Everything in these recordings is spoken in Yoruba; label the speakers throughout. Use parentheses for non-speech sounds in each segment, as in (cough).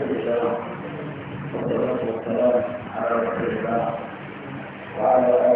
Speaker 1: الحمد لله والصلاة والسلام على رسول الله وعلى آله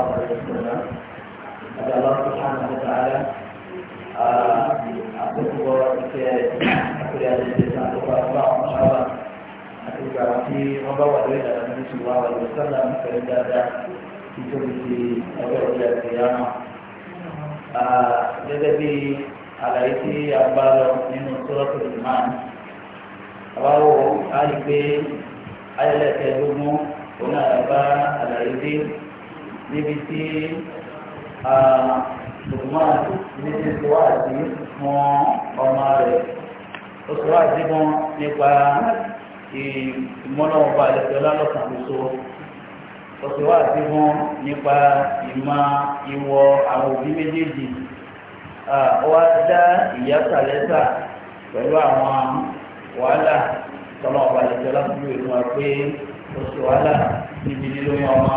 Speaker 1: sallallahu alaihi wasallam ada Allah Subhanahu wa taala ah, aku bawa ke aku ada di sana aku bawa masalah aku bawa di membawa dari dalam Nabi sallallahu alaihi wasallam kerana ada itu di awal dari kiamat gẹ́gẹ́ bí àlàyé tí a bá lọ nínú sọ́lọ́tò ìmáà àbáwò á rí pé ayẹlẹ́kẹ̀ẹ́dógún òun náà bá àlàyé dé níbi tí lukman ní ti sọ àti fún ọmọ rẹ̀ ó sọ àti fún nípa ìmọ́lọ́wọ́ba àlẹ́fẹ́ lálọ́kàn lóso ó sọ àti fún nípa ìmọ̀ ìwọ àwọn òbí méjèèjì ó wá dá ìyá sàlẹ́sà pẹ̀lú àwọn wàhálà tọ́lọ́wọ́ba àlẹ́fẹ́ lálọ́kàn lóso pé ó sọ wàhálà níbi nílóyún ọmọ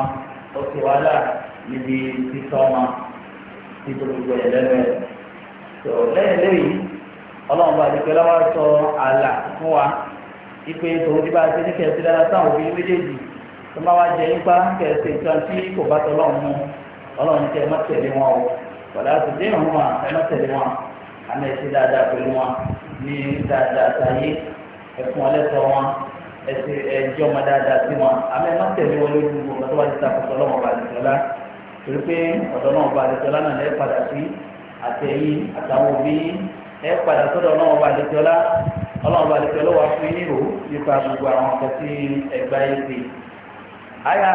Speaker 1: òkè wàhálà níbi títọ́ ọmọ títọ́ gbogbo ẹ̀ lẹ́nu ẹ̀ tó lẹ́yìn lẹ́yìn ọlọ́run bá dìgbẹ́ lọ́wọ́ sọ ààlà fún wa ipe tòun ti bá ti ní kẹ̀sí dára sáwọn òbí méjèèjì tó máa wá jẹ nípa kẹ̀sí ìtura tí kò bá tọ́lọ́run mú ọlọ́run tẹ má tẹ̀lé wọn o wàlá ti dé ìrùn wọn tẹ̀lé wọn àmì ẹ̀sìn dáadáa pẹ̀lú wọn ní dáadáa sáyé ẹ̀fún ọlẹ́sọ wọn ẹsẹ ẹjọ ọmọ dáadáa sí wọn àmọ́ ẹ má tẹ̀lé wọn lórí gbogbo ọ̀dọ́ wa ti ta kọsọ lọ́wọ́ ọba àdìsọlá torí pé ọ̀dọ́ náà ọba àdìsọlá náà lẹ padà sí àtẹ̀yìn àtàwọn òbí ẹ padà sọ́dọ̀ ọlọ́wọ́ ọba àdìsọlá ọlọ́wọ́ ọba àdìsọlá wà fún yín nílò nípa gbogbo àwọn ọkọ sí ẹgbà ẹsẹ. àyà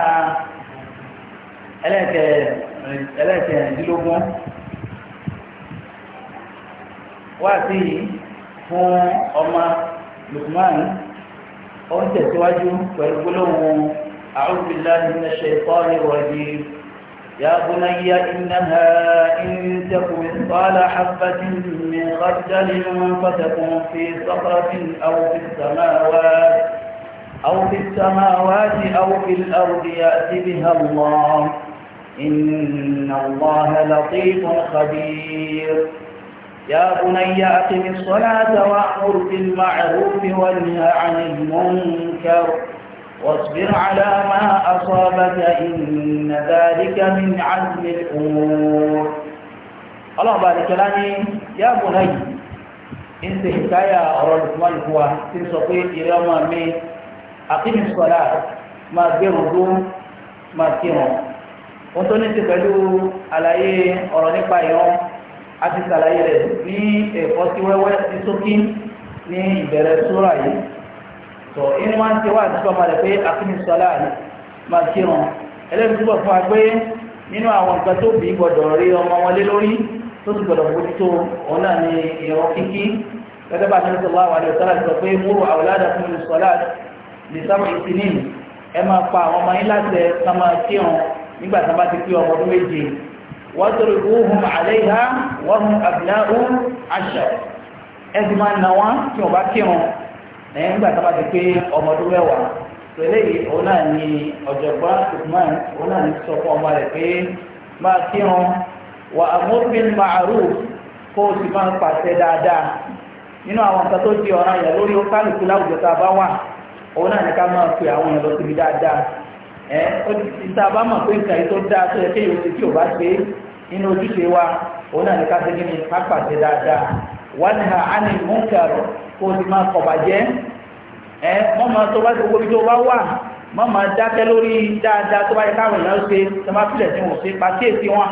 Speaker 1: ẹlẹ́kẹ̀ ẹlẹ́kẹ̀ẹ́dínlógún wá sí fún Lukman ó ń tẹ̀síwájú أعوذ بالله من الشيطان الرجيم يا بني إنها إن تك مثقال حبة من خردل فتكن في صخرة أو في السماوات أو في السماوات أو في الأرض يأت بها الله إن الله لطيف خبير يا بني أقم الصلاة وأمر بالمعروف وانه عن المنكر واصبر على ما أصابك إن ذلك من عزم الأمور الله بارك لاني يا بني انت حكاية رجل هو تنسقي إلى من أقم الصلاة ما بيرضو ما كيرو وانتو نتبلو على إيه أرانيكا يوم a ti sàlàyé rẹ̀ ní ẹ̀fọ́ sí wẹ́wẹ́ sí sókí ní ìbẹ̀rẹ̀ sóra yìí tọ̀ inú wá ń ṣe wá àti sọ́mọ rẹ̀ pé akíní sọlá yìí máa ṣe wọn ẹlẹ́bi túbọ̀ fún wa pé nínú àwọn nǹkan tó bí gbọ́dọ̀ rí ọmọ wọn lé lórí tó sì gbọ́dọ̀ bójútó òun náà ní ìrọ̀ kíkí gẹ́gẹ́ bá ní sọ́lá wà ní ọ̀sára sọ pé múrò àwòládà fún ìsọ́lá lè sáwọ ìsinmi ẹ máa pa àwọn ọmọ yín láti ẹ ká máa kírun nígbà ti pé ọmọ méje wadribuhum 'alayha wa hum abna'u 'ashr ẹ̀sì máa na wọ́n tí wọ́n bá kírun ẹ̀yìn nígbà tó bá ti pé ọmọ ọdún mẹ́wàá pẹ̀lẹ́ yìí òun náà ni ọ̀jọ̀gbọ́n Uthman òun náà ni sọ fún ọmọ rẹ̀ pé máa ẹ ó ti a bá mọ̀ pé nǹkan yìí tó dáa tó yẹ kéèyàn ti tí ò bá ṣe nínú ojúṣe wa òun náà ní ká ṣe kíni ká pàṣẹ dáadáa wà ní ha ánì múnkàrọ̀ kó o ti máa kọ̀ bàjẹ́ ẹ wọ́n máa tó bá ti gbogbo ibi tó bá wà wọ́n máa dákẹ́ lórí dáadáa tó bá yẹ káwọn èèyàn ṣe tó bá tilẹ̀ tí wọ́n ṣe pàṣẹ́sì wọn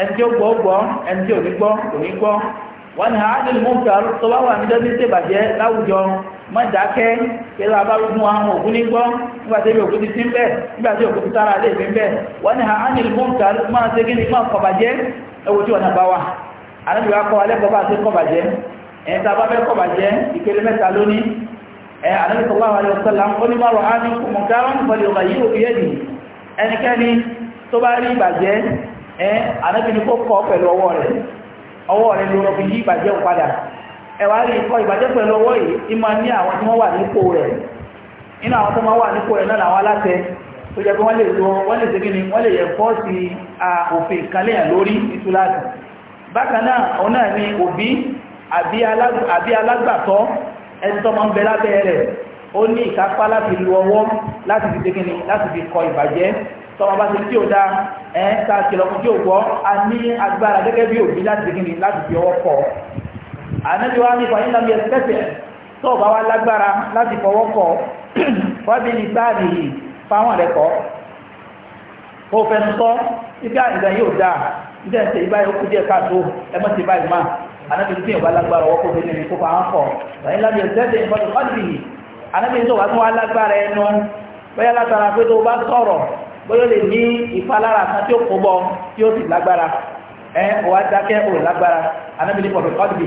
Speaker 1: ẹni tí ó gbọ́ gbọ́ ẹni tí ò ní gbọ́ kò ní gbọ́ wà ní ha ánì múnkàrọ̀ mọ́jákẹ́ kẹlẹ́ abárúgbùn àwọn òkú nígbọ́ nígbàtí ibi òkú ti sí ń bẹ̀ nígbàtí òkú ti sára lè fi ń bẹ̀ wọ́n ni àánì ìlúmọ̀ǹkà máa ṣe kí ni máa kọ̀bàjẹ́ ẹwò tí ọ̀nà bá wà alábìwá kọ́ alẹ́kọ̀ọ́bà sí kọ̀bàjẹ́ ẹ̀ tá bá fẹ́ kọ̀bàjẹ́ ìpele mẹ́ta lónìí ẹ̀ alábìsọ̀láwà alẹ́ ọ̀sọ́lá ó ní márùn áánì mọ̀kárán pẹ̀lú ọ̀gá yìí òbí ẹ̀dì ẹnikẹ́ni tó bá ọwọ́ rẹ̀ ọwọ́ rẹ̀ ló rọ̀ yí ìbàjẹ́ òpadà ẹ̀wà rí ikọ́ ìbàjẹ́ pẹ̀lú ọwọ́ yìí ìmọ̀ ní àwọn tí wọ́n wà nípò rẹ̀ inú àwọn tó máa wà nípò rẹ̀ náà àwọn aláṣẹ tó jẹ́ pé wọ́n lè lo wọ́n lè segin ni wọ́n lè yẹ fọ́ọ̀sì òfin ìkàlẹ̀yàn lórí ìtúláàtì ni òbí àbí alágbàtọ́ ẹni tó máa ń bẹ lábẹ́ rẹ̀ ó ní ìkápá láti lu ọwọ́ láti fi segin ni láti fi kọ ìbàjẹ́ tọmọ bá ti tí ò dáa ẹ̀ ń ta ànábi wa ní fàyín lámì ẹ̀sẹ̀tẹ̀ tó o bá wá lágbára láti fọwọ́ kọ (clears throat) wábí ní sáàdì yìí fáwọn rẹ̀ kọ́ ó fẹnu sọ ibi ìgbà yóò dáa ìdí ẹ̀sẹ̀ ìbáyìí ó kú díẹ̀ káàtó ẹ mọ́ ti báyìí máa ànábi tí o bá lágbára ọwọ́ kó fi ní kó fáwọn kọ fàyín lámì ẹ̀sẹ̀tẹ̀ ìfọdù fọ́dù yìí ànábi tó wà tún wá lágbára ẹnu bóyá látara pé tó bá sọ̀rọ̀ bóyá lè ní ìfalára kan tí ó kó bọ tí ó sì lágbára ẹ wàá dákẹ́ òun lágbára ànábi ní pọ̀fẹ́ kọ́dù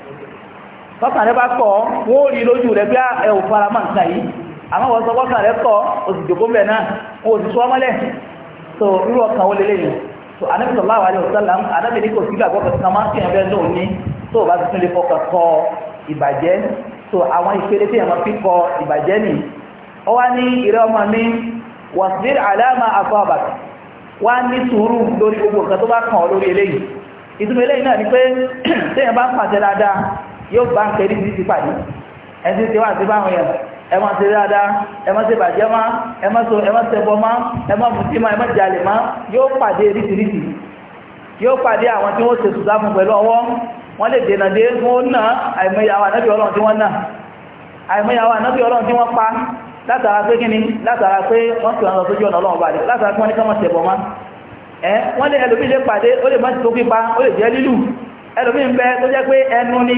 Speaker 1: tọ́kàn rẹ bá kọ̀ wọ́n ò rí lójú rẹ bí ah, ẹ ò fara mọ́ nǹkan yìí àmọ́ wọ́n sọ tọ́kàn rẹ kọ̀ oṣù jòkó mẹ́ náà wọ́n ò sì sọ mọ́lẹ̀ tó irú ọkàn wọlé lẹ́yìn tó anábì sallallahu alaihi wasallam anábì ní kò sí gbàgbọ́ kankan máa ń tẹ̀yàn bẹ́ẹ̀ lóun ní tó o bá tún lè fọkàn kọ ìbàjẹ́ tó àwọn ìpele tẹ̀yàn máa fi kọ ìbàjẹ́ nì ọ wá ní ìrẹ́ ọmọ mi wasbir ala ma asabak wá ní sùúrù lórí gbogbo nǹkan tó bá ni pé tẹ̀yàn (clears throat) yóò bá ń kẹ́rí sí ti pàdé ẹni tí wọ́n àti báwọn yẹn ẹ má ṣe dáadáa ẹ má ṣe bàjẹ́ má ẹ má so ẹ má ṣẹbọ má ẹ má mutí má ẹ má jalè má yóò pàdé ríṣiríṣi yóò pàdé àwọn tí wọ́n ṣe sùdá fún pẹ̀lú ọwọ́ wọ́n lè dènà dé wọ́n náà àìmọyàwó ànábì ọlọ́run tí wọ́n náà àìmọyàwó ànábì ọlọ́run tí wọ́n pa látara pé kíni látara pé wọ́n fi ọ̀nà sójú ọ̀nà ọlọ́run balẹ̀ látara pé wọ́n ní ká má ṣẹbọ má ẹ wọ́n lè ẹlòmíì lè pàdé ó lè má ti tó pípa ó lè jẹ́ lílù ẹlòmíì ń bẹ tó jẹ́ pé ẹnu ni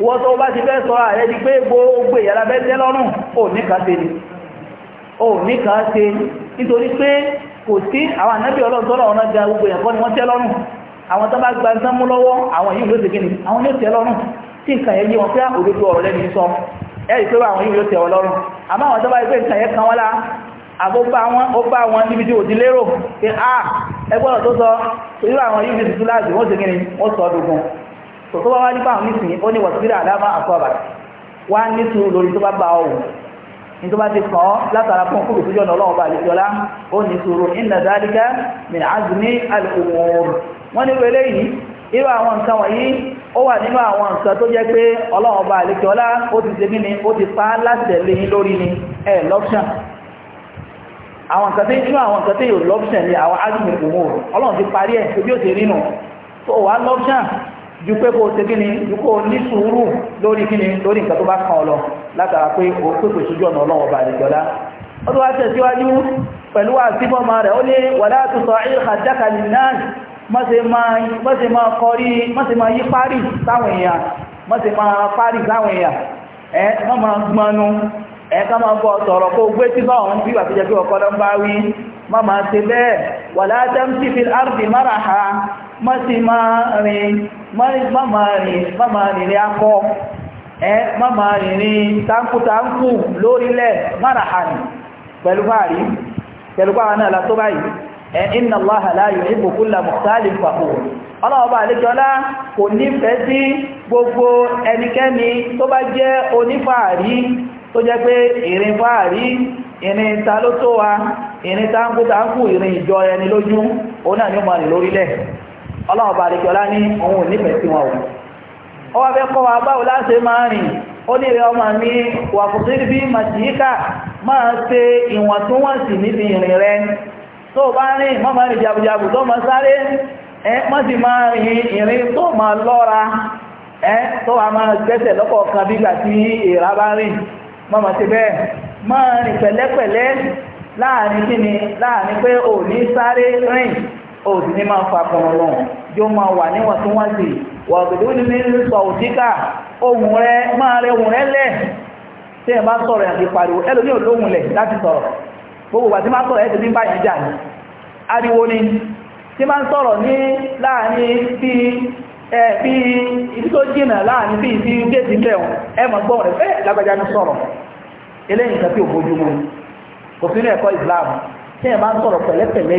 Speaker 1: wọ́n tó bá ti fẹ́ sọ ààrẹ di pé gbogbo ìyàrá bẹ́ tẹ́ lọ́rùn ò níkàá ṣe ni ò níkàá ṣe nítorí pé kò sí àwọn ànábì ọlọ́tọ́lọ́ ọ̀nà ga gbogbo ẹ̀kọ́ ni wọ́n tẹ́ lọ́rùn àwọn tó bá gba ń sánmú lọ́wọ́ àwọn yìí ló ti gíní àwọn yóò tẹ́ lọ́rùn tí nǹkan yẹn yí wọn pé ah, òdodo ọ̀rọ̀ lẹ́ni sọ ẹ̀rì pé àwọn yìí yóò tẹ́ wọn lọ́rùn àmọ́ àwọn tó bá gbé nǹkan yẹn kan wọ́n lá àgbógbá wọn ó bá wọn níbi tí òdí lérò pé a ah, ẹgbọ́n tó sọ irú àwọn yìí ti tú láti wọ́n ti gíní wọ́n sọ ọdún so tó bá wá nípa àwọn nísìnyí ó ní wàsílẹ̀ àdámà àkọ́bà wá ní sùúrù lórí tó bá bá ọ wù ní tó bá ti kàn ọ́ látara fún kúrò sójú ọ̀nà ọlọ́run bá àlejòlá ó ní sùúrù inna dhalika min azmi al-umur wọ́n ní wẹ́lẹ́ yìí irú àwọn nǹkan wọ̀nyí ó wà nínú àwọn nǹkan tó jẹ́ pé ọlọ́run bá àlejòlá ó ti ṣe mí ó ti pa látẹ̀lé yín lórí ni ẹ̀ lọ́pṣàn àwọn nǹkan tí inú àwọn nǹkan tí yóò lọ́pṣàn ni àwọn azmi al ọlọ́run ti parí ẹ̀ tó bí ó ti rí nù tó wà lọ́pṣàn ju pé kó o ṣe kíni ju kó o ní sùúrù lórí kíni lórí nǹkan tó bá kàn ọ lọ látara pé o pèpè sójú ọ̀nà ọlọ́wọ́ bá àdìjọ́lá ó tó wá tẹ̀síwájú pẹ̀lú àsìbọ́mọ rẹ̀ ó lé wàlá àtúntọ̀ àìyíká jákàlì náà mọ́sẹ̀ máa yí parí sáwọn èèyàn mọ́ sí máa rìn máa rìnrìn akọ ẹ máa rìnrìn táńkútáńkù lórílẹ̀ máràhàní pẹ̀lú fàárí pẹ̀lú pàwọn náà látó báyìí ẹ inna Allaha la yuhibbu kulla mukhtalin fakhur ọlọ́ọ̀bá àlejọ́lá kò nífẹ̀ẹ́ sí gbogbo ẹnikẹ́ni tó bá jẹ́ onífàárí tó jẹ́ pé ìrìn fàárí ìrìn ta ló tó wa ìrìn táńkútáńkù ìrìn ìjọ ẹni lójú òun náà ni ó máa lórílẹ̀ ọlọ́run bá àdékẹ́ ní òun nífẹ̀ẹ́ sí wọn o ó wá fẹ́ kọ́ wa ní ọmọ mi wà bí máa ìwọ̀ntúnwọ̀nsì níbi ìrìn rẹ tó bá rìn mọ́ máa jàbùjàbù tó máa sáré ẹ mọ́ máa rìn ìrìn tó máa lọ́ra tó wà máa gbẹ́sẹ̀ bí gbà tí bá rìn bẹ́ẹ̀ máa rìn pẹ̀lẹ́pẹ̀lẹ́ láàrin kíni láàrin pé ò òdì ní máa fa pọ̀nà lọ yóò máa wà níwọ̀ntúnwọ̀nsì wà òdòdó ní ní sọ òtíkà ohun rẹ máa rẹ ohun rẹ lẹ̀ tí ẹ bá sọ̀rọ̀ àti pariwo ẹlòmí ò lóhun lẹ̀ láti sọ̀rọ̀ gbogbo wà tí máa sọ̀rọ̀ ẹ̀sìn bá yẹn jà ní ariwo ni tí máa sọ̀rọ̀ ní láàrin bí ẹ bí ibi tó jìnà láàrin bí ibi géètì ń bẹ̀rùn ẹ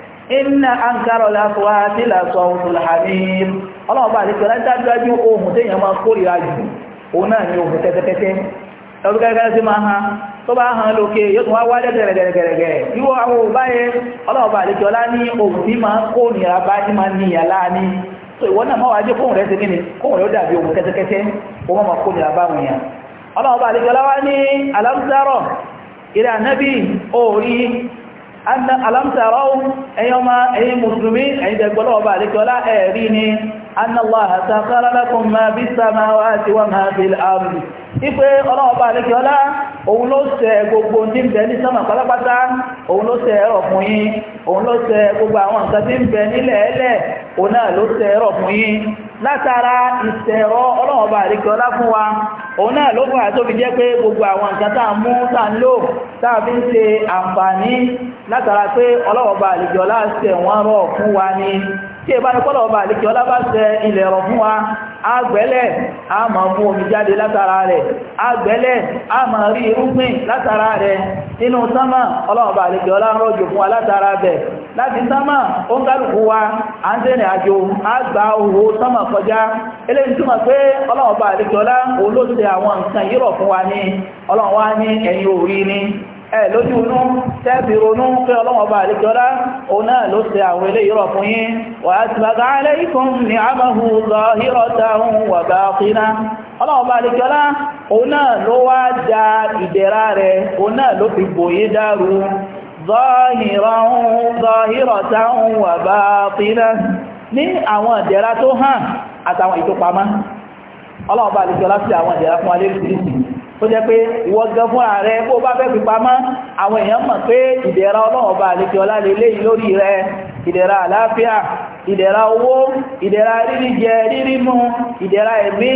Speaker 1: inna ankara lafuwa ti lasọ ohun alhamim ọlọ́ọ̀bá àdíkẹ́ lájájú ohun tẹ́yàn máa kórìíra jù òun náà ni ohun tẹ́tẹ́tẹ́tẹ́ ẹgbẹ́gbẹ́ sí máa hàn tó bá hàn lókè yóò tún wá wájẹ́ gẹ̀rẹ̀gẹ̀rẹ̀gẹ̀rẹ̀ yíwọ àwọn òbá yẹ ọlọ́ọ̀bá àdíkẹ́ ọlá ní ohun tí máa kórìíra bá ní máa ní ìyàlá ní so ìwọ náà máa wájẹ́ kóhùn rẹ̀ sí alámsáàrọ̀ ilẹ̀ ànábì òòrí anna alamtarau ẹ̀yin ma ẹ̀yin musulmi ẹ̀yin dẹ̀gbọ́lọ́ ọba àríkọlá ẹ̀rí ni anna allaha sakhkhara lakum ma bis samawati wa ma fil ardi ipe ọlọ́ọ̀bá àlékè ọlá òun ló ṣe gbogbo ndị ń bẹ ní sánmà pátápátá òun ló ṣe ẹ̀rọ fún yín òun ló gbogbo àwọn nǹkan tí ń bẹ nílẹ̀ ẹlẹ̀ òun náà ló ṣe ise fún yín látara ìṣẹ̀rọ ọlọ́ọ̀bá àlékè ọlá fún wa gbogbo àwọn nǹkan tá a mú tá ń lò tá a fi ń ṣe àǹfààní látara pé ọlọ́ọ̀bá ọlá tí ìbá kọ́lọ̀ ọba àlekè bá ilẹ̀ ẹ̀rọ fún wa agbẹ́lẹ̀ a máa mú omi jáde látara rẹ̀ agbẹ́lẹ̀ a máa rí irúgbìn látara rẹ̀ nínú sánmà ọlọ́ọ̀ba àlekè ọlá fún wa látara bẹ̀ láti sánmà ó ń wa à ń àjò a gba òwò sánmà kọjá wa ní ní ẹ̀yìn ẹ lójú inú tẹ́bì ronú pé ọlọ́wọ́ òun náà ló tẹ àwọn ilé ìrọ̀ fún wà á ti bàgá alaykum ní àmàhù zahiratan wa batina ọlọ́wọ́ bá òun náà ló wá da ìdẹ̀ra rẹ̀ òun náà ló fi dáru bá tó jẹ́ pé ìwọ gan fún ààrẹ bó bá fẹ́ fi pamọ́ àwọn èèyàn mọ̀ pé ìdẹ̀ra ọlọ́run ọba àlejò ọlá lélẹ́yìn lórí rẹ ìdẹ̀ra àlàáfíà ìdẹ̀ra owó ìdẹ̀ra rírí jẹ rírí mú ìdẹ̀ra ẹ̀mí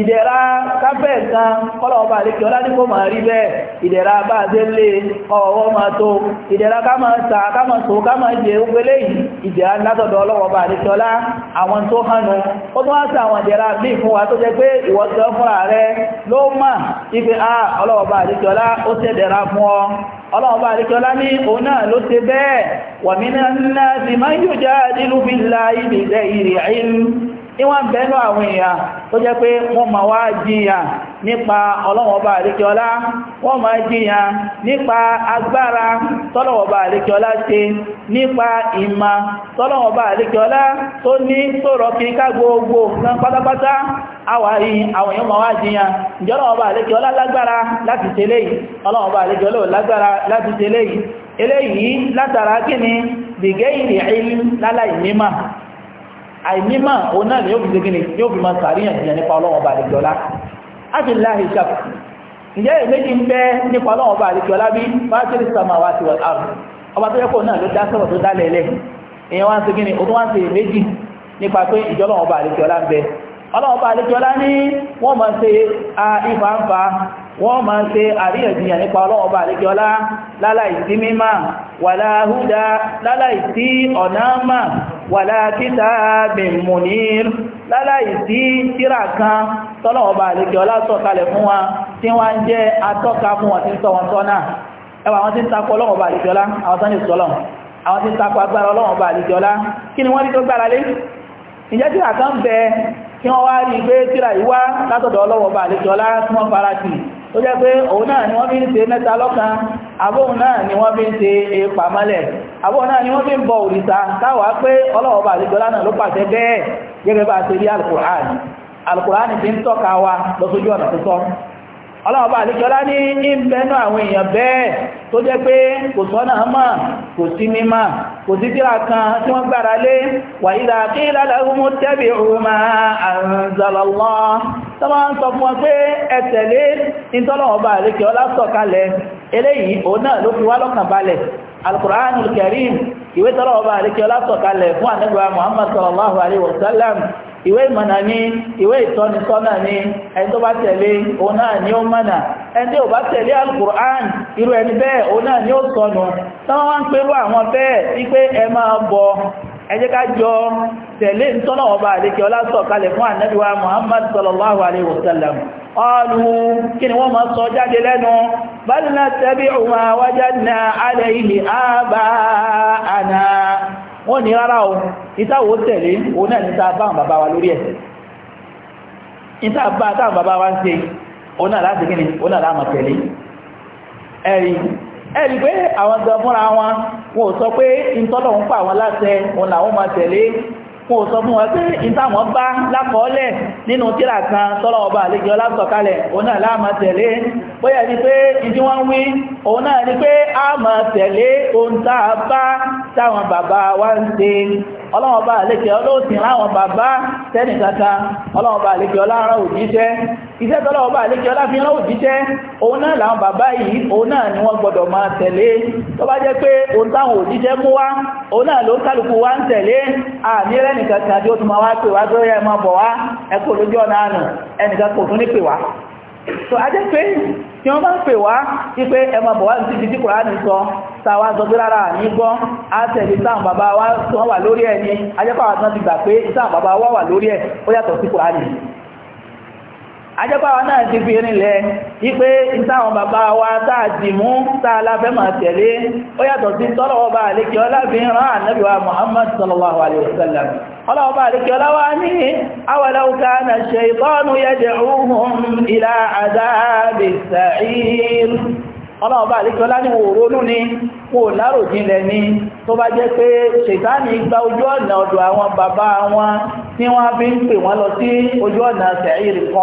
Speaker 1: ìdẹ̀ra káfẹ́ kan kọ́lọ̀ ọba àríkẹ́ ọládìpọ̀ máa rí bẹ́ẹ̀ ìdẹ̀ra bá a ṣe lé ọwọ́ máa tó ìdẹ̀ra ká máa ta ká máa tó ká máa jẹ ògbélé yìí ìdẹ̀ra látọ̀dọ̀ ọlọ́wọ́ ọba àríkẹ́ ọlá àwọn tó a ah, ọlọ́wọ́ ọba àríkẹ́ ọlá ó ṣẹ̀dẹ̀ra ọlọ́ọ̀bá àríkọlá ní òun náà ló ṣe bẹ́ẹ̀ wa minan nasi man yujadilu billahi bighayri ilm níwọ̀n bẹ̀ẹ́nà àwọn èèyàn tó jẹ́ pé wọ́n ma wá jíyàn nípa ọlọ́wọ̀ba àríkíọlá wọ́n ma jíyàn nípa agbára tọ́lọ̀wọ̀ba àríkíọlá ṣe nípa ìmá tọ́lọ̀wọ̀ba àríkíọlá tó ní sọ̀rọ̀ kiri ká àìnímà òun náà ni yóò fi ṣe gíní yóò fi máa sàríyànjiyàn nípa ọlọ́wọ́ bá àdìjọ́lá áti láàrín ìṣàkù ǹjẹ́ èméjì ń bẹ́ nípa ọlọ́wọ́ bá àdìjọ́lá bí fásitì sàmàwá ti wà láàrù ọba tó yẹ́kọ̀ọ́ náà ló dá sọ̀rọ̀ tó dá lẹ́lẹ̀ èèyàn wá ń ṣe gíní òun wá ń ṣe èméjì nípa pé bá àdìjọ́lá ń bá àdìjọ́lá ní wọ́n máa wọ́n máa ń ṣe àríyànjiyàn nípa ọlọ́ọ̀bà àríkíọlá láláì sí mímá wàlá húdá láláì sí ọ̀nà mà wàlá títà bẹ̀mùnir láláì sí tíra kan tọ́lọ̀ọ̀bà àríkíọlá sọ̀kalẹ̀ fún wa tí wọ́n jẹ́ atọ́ka fún wọn tí ń sọ wọn tọ́nà ẹwà àwọn tí ń takọ ọlọ́ọ̀bà àríkíọlá àwọn tán ní sọ́lọ̀ àwọn tí ń takọ agbára ọlọ́ọ̀bà àríkíọlá kí ni tó jẹ́ pé òun náà ni wọ́n fi ń ṣe mẹ́ta lọ́kan abóhun náà ni wọ́n fi ń ṣe èèpà mọ́lẹ̀ abóhun náà ni wọ́n fi ń bọ òrìṣà táwà pé ọlọ́ọ̀bà àdìgbọ́lá náà ló pàṣẹ bẹ́ẹ̀ gẹ́gẹ́ bá ṣe rí alukur'an alukur'an ti ń tọ́ka wa lọ sójú ọ̀nà tó tọ́ ọlọ́ọ̀bá àlejọ́lá ní ìbẹ̀nú àwọn èèyàn bẹ́ẹ̀ tó jẹ́ pé kò sọ́nà mọ́ kò sí mímọ́ kò sí tíra kan tí wọ́n gbára lé wà ìdá kí lálẹ́gúnmú tẹ́bì ọmọ àrùnzàlọ́lọ́ tó máa ń sọ fún wọn pé ẹ tẹ̀lé ìtọ́lọ́ọ̀bá àlejọ́lá sọ̀kalẹ̀ eléyìí òun náà ìwé ìmọ̀nà ní ìwé ìtọ́nisọ́nà ní ẹni tó bá tẹ̀lé òun náà ni ó mọ̀nà ẹni tí ò bá tẹ̀lé al-Qur'an irú ẹni bẹ́ẹ̀ òun náà ni ó sọnù tán wá ń pérú àwọn bẹ́ẹ̀ wípé ẹ máa bọ ẹ jẹ́ ká jọ tẹ̀lé ìtọ́nà ọba àlékẹ́ ọlásọ̀ kalẹ̀ wọ́n ní rárá o ìtawò tẹ̀lé òun náà níta báwọn bàbá wa lórí ẹ̀ níta bá táwọn bàbá wa ń ṣe òun náà láti gíní òun náà láàmà tẹ̀lé ẹ̀rí ẹ̀rí pé àwọn gan fúnra wọn wọn ò sọ pé ìtọ́lọ̀ fún òsọ fún wọn pé ìtàwọn bá lákọọ́lẹ̀ nínú tíra kan tọ́lọ̀ ọba àlejò lásọ̀kalẹ̀ òun náà láàmà tẹ̀lé bóyá ní pé ìdí wọ́n wí òun náà ní pé a máa tẹ̀lé ohun tá a bá táwọn bàbá wa ń ṣe lè àlékẹ́ ọlọ́sìn láwọn bàbá tẹ́nì kata lè àlékẹ́ ọlọ́rọ̀ òjíṣẹ́ iṣẹ́ tọ́lọ́wọ́ba àlékẹ́ ọláfihàn òjíṣẹ́ òun náà làwọn bàbá yìí òun náà ni wọ́n gbọ́dọ̀ máa tẹ̀lé tó bá jẹ́ pé òun táwọn òjíṣẹ́ mú so a jẹ́ pé tí wọ́n bá ń pè wá tí pé ẹmọ bọ̀wá ní títí kùránì sọ tàwà sọ pé rárá ní gbọ́ a tẹ̀lé sáàmù bàbá wa tí wọ́n wà lórí ẹ̀ ni a jẹ́ pàwọn tí wọ́n ti gbà pé sáàmù bàbá wa wà lórí ẹ̀ ó yàtọ̀ sí kùránì ajẹ́pàwà náà ti fi rinlẹ̀ wípé ìtàwọn bàbá wa táà ti mú táà láfẹ́ máa tẹ̀lé ó yàtọ̀ sí tọ́lọ̀wọ́ bá àlékí ọlá fi rán ànábì wa Muhammad sallallahu alaihi wasallam ọlọ́wọ́ bá àlékí ọlá wá ní awalaw kana ash-shaytanu yad'uhum ila adhabi as-sa'ir ọlọ́wọ́ bá àlékí ọlá ní wòrónú ni kò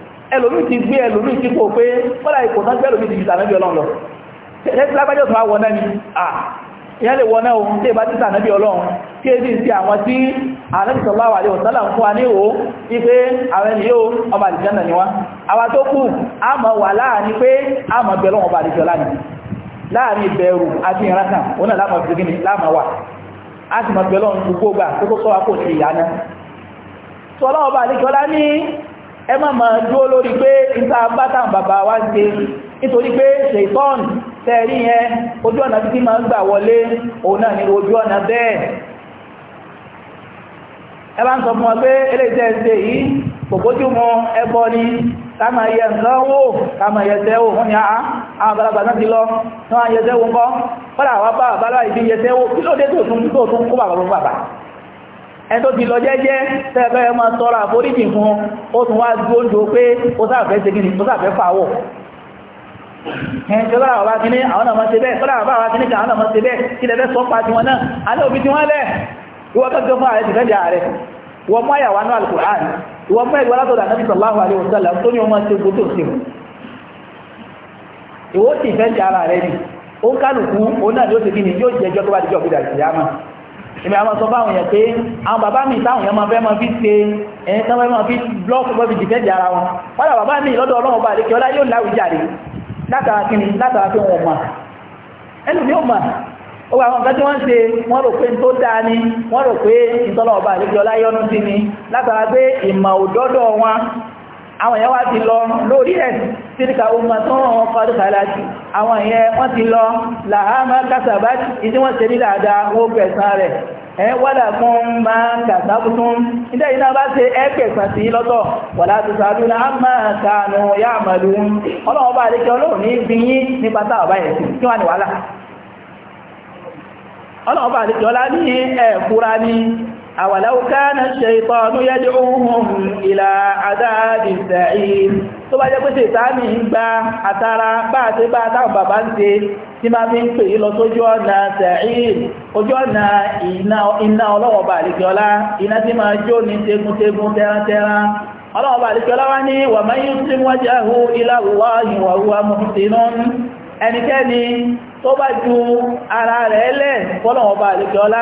Speaker 1: ẹlòmíì ti gbé ẹlòmíì ti kò pé kọ́lá ikò náà gbé ẹlòmíì ti fi sànẹ́bí ọlọ́run lọ tẹ́lẹ́sí lágbájọ́ tó wá wọ náà ni à ìyá lè wọ náà o tí ìbá ti sànẹ́bí ọlọ́run tí èdè ti àwọn tí àrẹ́bí sallallahu alaihi wasallam fún wa ní ìwò wípé àwọn ẹni yóò ọba àdìjọ́nà ni wá àwa tó a mọ̀ láàrin a mọ̀ bẹ̀rẹ̀ ọba àdìjọ́ láàrin láàrin ìbẹ̀rù àti ìrànkàn òun náà láàmọ̀ fi gíní láàmọ̀ wà a sì mọ̀ bẹ̀rẹ̀ ọ̀n gbogbo gbà tó tó sọ́wọ́ kò sí ìyá náà sọ́lọ́ọ̀bà àdìjọ́lá ní ẹ má máa dúó lórí pé níta bátàn bàbá wa ń ṣe nítorí pé ṣètọ́n tẹ̀rí yẹn ojú ọ̀nà títí máa ń gbà wọlé òun náà ní ojú ọ̀nà bẹ́ẹ̀ ẹ bá ń sọ fún wọn pé eléyìí ṣe yìí kòkójú mọ ẹbọ ni ká máa yẹ nǹkan wò ká máa yẹ tẹ́wò wọ́n ni àá àwọn àgbàlagbà náà ti lọ ní wọ́n yẹ tẹ́wò ń kọ́ kọ́dà wá bá àbálà ìdí yẹ tẹ́wò kí ló dé tó tún kó bàbá fún bàbá ẹni tó ti lọ jẹ́jẹ́ tẹ́ẹ̀fẹ́ ẹ máa tọrọ àforíjì fún ó tún wá gbóòdò pé ó sáàfẹ́ ṣe gíní ó sáàfẹ́ fàwọ̀ ẹni tó lára bá kíní àwọn náà máa ṣe bẹ́ẹ̀ tó lára bá kíní àwọn náà máa ṣe bẹ́ẹ̀ kí lẹ́fẹ́ sọ pa di ààrẹ ìwọ mọ́ àyàwó anú alukur'an ìwọ mọ́ ìwọ látọ̀dà sallallahu alaihi wasallam tó ní ọmọ ṣe gbótó sí ìwọ sì fẹ́ di ara rẹ ni ó kálukú òun náà ni ó ṣe kí ni yóò jẹjọ́ tó bá di jọ́ gbé ìbí àwọn sọ fáwọn èèyàn pé àwọn bàbá mi táwọn ya ma fẹ́ ma fi ṣe ẹni tán ma fi blọ́ọ̀kù bọ́ fi ara wọn wọ́n bàbá mi lọ́dọ̀ ọlọ́run bá àdékẹ́ ọlá yóò láwùjáre látara kí ni látara ni àwọn èèyàn wá ti lọ lórí ẹ̀ tíríkà ọmọ tó wọn kọjú kàláàtì àwọn èèyàn wọ́n ti lọ làhámà kásàbáàtì ìdí wọ́n ṣe nílà àdá owó gbẹ̀sán rẹ̀ ẹ wádà fún máa kàtàkùtùn ilé iná bá ṣe ẹgbẹ̀sán sí lọ́tọ̀ wà láti sàájú náà máa kàánù yá àmàlù ọlọ́wọ́ bá àdékẹ́ ọlọ́run ní bí yín nípa táwà báyẹ̀ sí kí wà أولو كان الشيطان يدعوهم إلى عذاب السعير tó bá jẹ́ pé ṣètáàmì ń gba àtàrà bá atara, bá àtàwọn bàbá ń ṣe tí máa fi ń pè é lọ na ọ̀nà sa'ir ojú ọ̀nà iná ọlọ́wọ́ bá àlìkẹ́ọ́lá iná tí máa jó ní tegun-tegun tẹ́ran-tẹ́ran ọlọ́wọ́ bá àlìkẹ́ọ́lá wá ní ila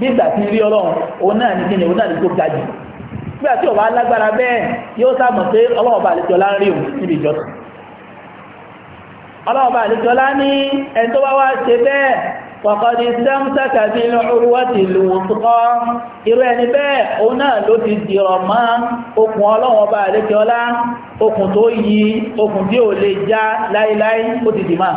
Speaker 1: bí ìgbà tí rí ọlọ́run òun náà ní kíni òun náà ní tó ga jù nígbà tí ọba alágbára bẹ́ẹ̀ yóò sáàmù pé ọlọ́ọ̀bà àlejò ọlá òun níbi ìjọsìn ọlọ́ọ̀bà àlejò ọlá ní ẹni tó bá wá ṣe bẹ́ẹ̀ fọ̀kọ́dí sẹ́mùsẹ́kà bí ọrúwọ́tì lùwùsùkọ́ irú ẹni bẹ́ẹ̀ òun náà ló ti dìrọ̀ mọ́ okùn ọlọ́wọ́n bá àlejò ọlá okùn tó yí okùn tí ò lè já láíláí ó ti dì máa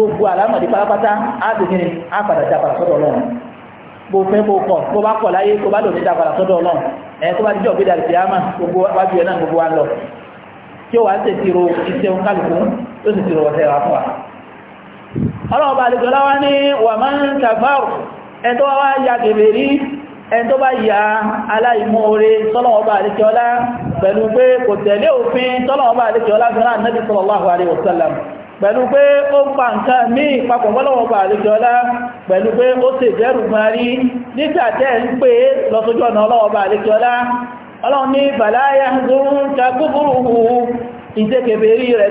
Speaker 1: gbogbo àlámọ̀dé pátápátá á sì kí ni á padà já padà sọ́dọ̀ ọlọ́run bó fẹ́ bó kọ̀ bó bá kọ̀ láyé tó bá lò ní já padà sọ́dọ̀ ọlọ́run ẹ̀ tó bá díjọ́ gbéjà lè fìyàmà gbogbo wájú ẹ̀ náà gbogbo wa lọ tí ó wà ń tètè ro iṣẹ́ kálukú tó sì ti ro ọ̀sẹ̀ wa fún wa ọlọ́run bá àlejò láwá ní wà pẹ̀lú pé kò tẹ̀lé òfin tọ́lọ́wọ́ bá àlejò ọlá fẹ́ràn náà pẹ̀lú pé ó ń pa nǹkan ní ìpapọ̀ mọ́lọ́wọ́ bà àlejọ́lá pẹ̀lú pé ó sì jẹ́rù máa nígbàtẹ́ ń pè lọ́sójú ọ̀nà ọlọ́wọ́ bà àlejọ́lá ọlọ́run ní bàláyà ń ka kúkúrú ìtẹ́kẹ̀bẹ̀rí rẹ̀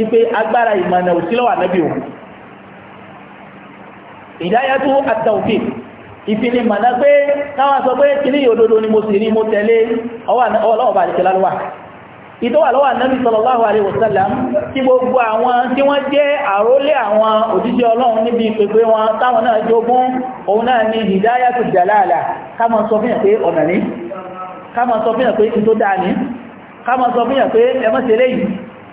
Speaker 1: ipe agbára ìmọ̀nà òsílọ́wà nẹ́bí o ìdáyàtú àtàwùfì ìfìlì mọ̀nà pé táwọn sọ pé kìí ní òdodo ni mo sì rí mo tẹ̀lé ọlọ́ọ̀bà àti kẹlálúwà ìtọ́wà lọ́wà nabi sallallahu alaihi wasallam kí gbogbo àwọn tí wọ́n jẹ́ àrólé àwọn òjíṣẹ́ ọlọ́run níbi ìpèpè wọn táwọn náà jogún òun náà ni hidayatu jalala ká máa sọ fíyàn pé ọ̀nà ní ká máa sọ fíyàn pé ìtó dáa ní ká máa sọ fíyàn pé ẹmọ́sẹ̀lẹ́yìn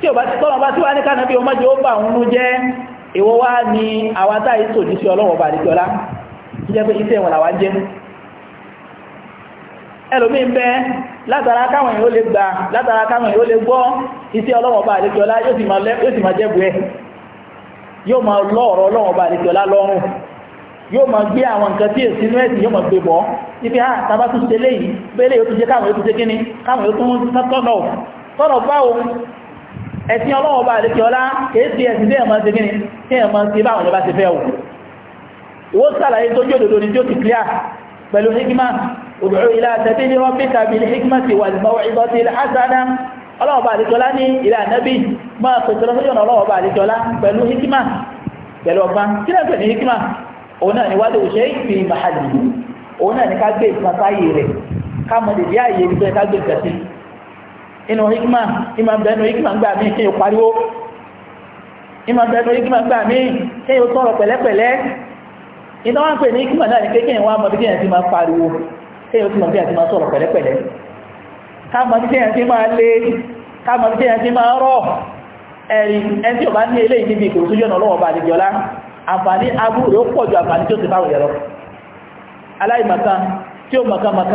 Speaker 1: tí ọ̀nà bá tí wá ní kánàbí ọmọ jẹ́ ó bà ń mú jẹ́ ìwọ wá ní àwátá ìsò ní sí ọlọ́wọ̀ bà nìkọ́lá jẹ́ pé iṣẹ́ wọn làwá jẹ́ ẹlòmí ń bẹ látara káwọn èèyàn ó lè gbà látara káwọn èèyàn ó lè gbọ́ iṣẹ́ ọlọ́wọ̀ bà nìkọ́lá yóò sì máa jẹ́bù ẹ yóò máa lọ́ọ̀rọ̀ ọlọ́wọ̀ bà nìkọ́lá lọ́rùn yóò máa tọ́nà tọ́nà ẹ̀sìn ọlọ́wọ́ bá àdékẹ́ ọlá kéèsì ẹ̀sìn tí ẹ̀mọ́ ti gíní tí ẹ̀mọ́ ti bá àwọn ìjọba ti fẹ́ ò ìwó sàlàyé tó jò dòdò ní tí ó ti clear pẹ̀lú hikima ud'u ila sabili rabbika bil hikmati wal maw'izati al hasana ọlọ́wọ́ bá àdékẹ́ ọlá ní ilẹ̀ ànábì máa pèsè lọ́sọ́jọ́nà ọlọ́wọ́ bá àdékẹ́ ọlá pẹ̀lú hikima pẹ̀lú ọgbọ́n kí náà pẹ̀lú hikima inu ikima ìmọ̀ bẹ̀ẹ́nu hikma gbà mí pariwo ìmọ̀ bẹ̀ẹ́nu hikma gbà mí kí o tọrọ pẹ̀lẹ́pẹ̀lẹ́ iná wá ń pè ní hikma náà ní kéèkéè wá mọ̀ bí kéèyàn ti máa pariwo kí o ti mọ̀ bí kéèyàn ti ma sọ̀rọ̀ pẹ̀lẹ́pẹ̀lẹ́ ká mọ̀ bí kéèyàn ti máa lé ká mọ̀ bí kéèyàn ti máa rọ̀ ẹ̀rí ẹni tí o bá ní níbi ìkòrò ọlọ́wọ́ bá ọlá àǹfààní pọ̀ ju àǹfààní tí ó ti báwọn aláìmọ̀kan tí ó mọ̀kan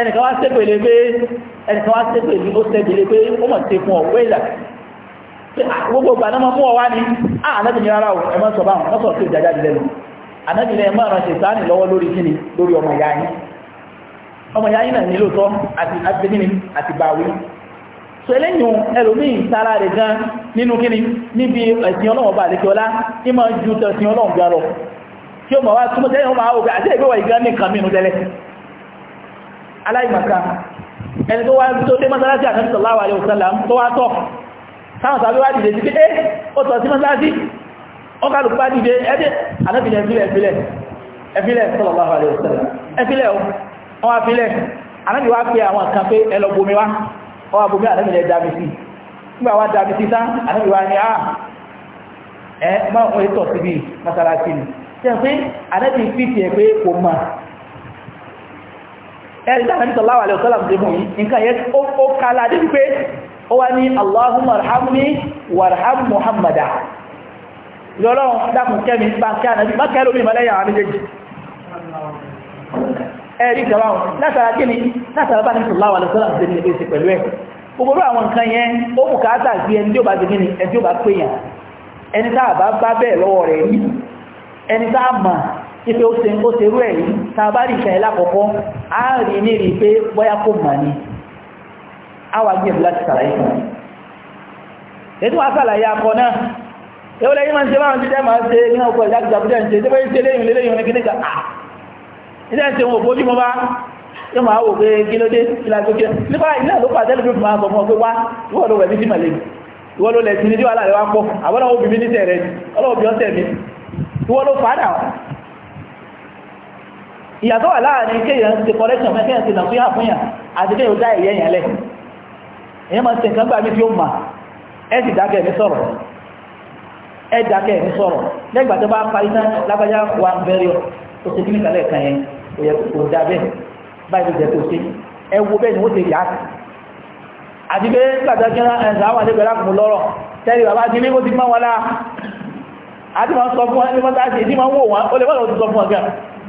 Speaker 1: ẹnìkan wá ṣépè lé pé ẹnìkan wá ṣépè ní ó ṣẹ́bi lé pé ó mọ̀ ṣe fún ọ wéèlà gbogbo ìgbà náà mú ọ wá ní ànábì ní rárá o ẹ mọ́ sọ bá wọn mọ́sọ̀ tó jàjáde lẹ́nu ànábì ní ẹ máa ràn ṣètánì lọ́wọ́ lórí kíni lórí ọmọ ìyá yín ọmọ ìyá yín náà nílò tọ́ àti àtìgbìnrin àti bàwí so eléyìn ẹlòmíì sára rẹ̀ gan nínú kíni níbi ẹ̀sìn ọlọ́run bá àlékiọlá ní máa ju tẹ̀sìn ọlọ́run gan lọ tí ó mọ̀ wá túnmọ̀ tẹ́lẹ̀ wọn máa wò pé àti ìgbéwà ìgán nìkan mìíràn tẹ́lẹ̀ aláìmọ̀ká ẹni tó wá tó dé mọ́sálásí àti sallallahu alaihi wasallam tó wá tọ̀ táwọn sàbí wá dìde sí pé é ó tọ̀ sí mọ́sálásí ó kàlù bá dìde ẹ́dẹ́ anábìnrin ẹ̀fílẹ̀ ẹ̀fílẹ̀ ẹ̀fílẹ̀ sallallahu alaihi wasallam ẹ̀fílẹ̀ ó wá fílẹ̀ anábì wá pé àwọn kan pé ẹ lọ bomi wá ó wá bomi anábìnrin ẹ̀ dàbí sí nígbà wá dàbí sí tán anábì wá ní à ẹ máa ẹ̀rí tàbí sallallahu alaihi wasallam dìbò yìí nǹkan yẹ ó kálá dé wípé ó wá ní Allahumma arhamni warham Muhammada lọ́lọ́run dákùn kẹ́mi bá kẹ́ ànàbí bá kẹ́ lómi ìmọ̀lẹ́yà àwọn méjèèjì ẹ̀rí ìjọwọ́n látara kí ni látara bá ní sallallahu alaihi wasallam dìbò yìí sí pẹ̀lú ẹ̀ gbogbo àwọn nǹkan yẹn ipe ó ṣe ó ṣe rú ẹ̀rí tàbárì ìṣẹ̀lẹ̀ lákọ̀ọ́kọ́ a rí ní rí pé bóyá kò mà ní àwà gbẹ̀bù láti sàlàyé fún un ètò wà sàlàyé akọ náà ewu lẹ́yìn máa ń ṣe máa ń ṣe máa ń ṣe ní ọkọ̀ ìjágbìjàgbìjà ń ṣe tí wọ́n ṣe léyìn léyìn ní kíníkà à ilé ṣe wọn òbójú mọ́ bá yóò máa wò pé kí ló dé kí la gbókè nípa ilé ló pàdé lóbi fún àwọn ọmọ pé wá ìwọ ló wẹ̀ mí sí màlẹ́ ìwọ ló lẹ̀ sí ní tí wàhálà rẹ wá pọ̀ àwọn ọmọ obìnrin ní tẹ̀rẹ̀ ọlọ́wọ́ bí ọ́ tẹ̀ mí ìwọ ló fàádà ìyàtọ̀ wà láàrin kéèyàn ti correction fún kéèyàn ti nà fún yà fún yà àti kéèyàn dá ẹ̀yẹ́ yẹn lẹ̀ èyàn máa ti nǹkan gbà mí tí ó mà ẹ sì dákẹ́ ẹ̀mí sọ̀rọ̀ ẹ dákẹ́ ẹ̀mí sọ̀rọ̀ lẹ́gbàá tó bá parí tán lágbájá wà ń bẹ̀rẹ̀ ó ti kíní kalẹ̀ kan yẹn kò yẹ kò dá bẹ́ẹ̀ báyìí ló jẹ́ kó ṣe ẹ wo bẹ́ẹ̀ ni ó ti yà á àti pé gbàdá kí ẹ̀sán wà nígbà láàkùn lọ́rọ̀ tẹ́lẹ̀ bàbá ti ní kó ti máa wọlá àti máa sọ fún wọn ní mọ́tà sí ìdí máa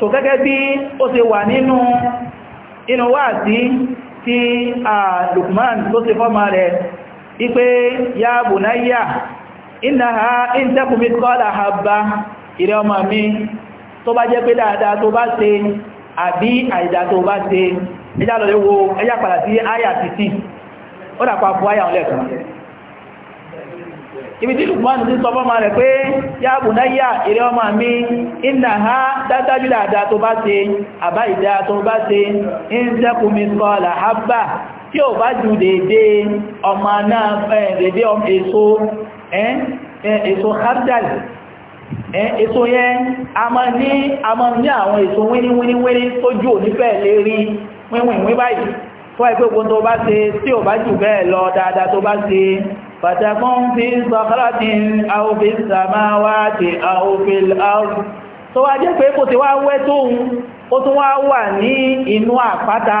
Speaker 1: so gẹ́gẹ́ bí ó ṣe wà nínú inú wáàsí tí a Lukman tó ṣe fọ́mà rẹ̀ ipé ya bunayya innaha in taku mithqala habba ìrẹ́ ọmọ mi tó bá jẹ́ pé dáadáa tó bá ṣe àbí àìdá tó bá ṣe ẹjá lọ lè ẹjá padà sí àyà títí ó dàpapọ̀ àyà ọ̀lẹ́kùnrin ibi tí lùkmánù ti sọ fọ́mà rẹ̀ pé yá bù náà yà èrè ọmọ mi iná ha dájájú dáadáa tó bá ṣe àbá ìdá tó bá ṣe ń jẹ́kùnmi kọlà hábà tí ò bá jù dédé ọmọ náà dédé èso èso hábdàl èso yẹn a ma ní àwọn èso wíníwíníwíní tó jù ò nífẹ̀ẹ́ lérí wíwìnwí báyìí tó ẹgbẹ́ ogun tó bá ṣe tí ò bá jù bẹ́ẹ̀ lọ dáadáa tó bá ṣe fàtàkùn fi sọ̀kọ́láti àwòfí sàmáwáti àwòfí àwòfí tó wá jẹ́ pé kò ti wá wẹ́ tóun ó tún wá wà ní inú àpáta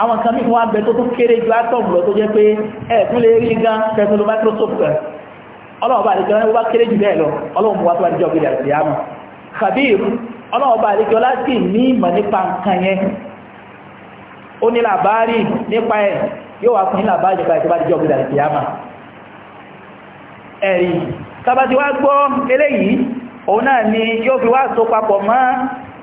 Speaker 1: àwọn nǹkan mìí wọ́n bẹ tó tó kéré ju atom lọ tó jẹ́ pé ẹ̀ẹ̀kún lè rí gan tẹ́sọ̀lọ́ microsoft ọlọ́ọ̀bá àríkẹ́ wọ́n bá kéré jù bẹ́ẹ̀ lọ ọlọ́run khabir ọlọ́ọ̀bá àríkẹ́ ọlá sì ní ìmọ̀ nípa nǹkan yẹn ó ní làbárì nípa ẹ̀ yóò wá fún ní làbárì nípa ìtọ́bá níjọ́ gbèrè àti tabati wá gbọ́ eléyìí òun náà ni yóò fi wá so papọ̀ mọ́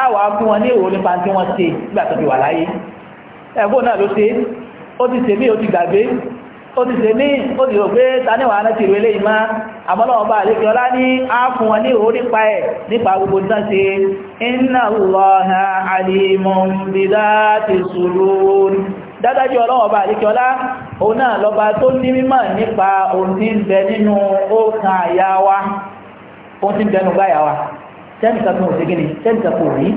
Speaker 1: á wà fún wọn ní èrò nípa tí wọ́n ṣe nígbà wà láyé ẹ̀gbọ́n náà ló ṣe ó ti ṣe mí o ti gbàgbé ó ti mí o ti rò pé ta ní ti rò eléyìí ọlá ní a fún wọn ní èrò nípa ẹ̀ nípa gbogbo tí ọlọ́wọ́ lọba tó ní mímọ̀ nípa òun ń bẹ nínú tẹ́nìkan tó ń ṣe gíní tẹ́nìkan kò rí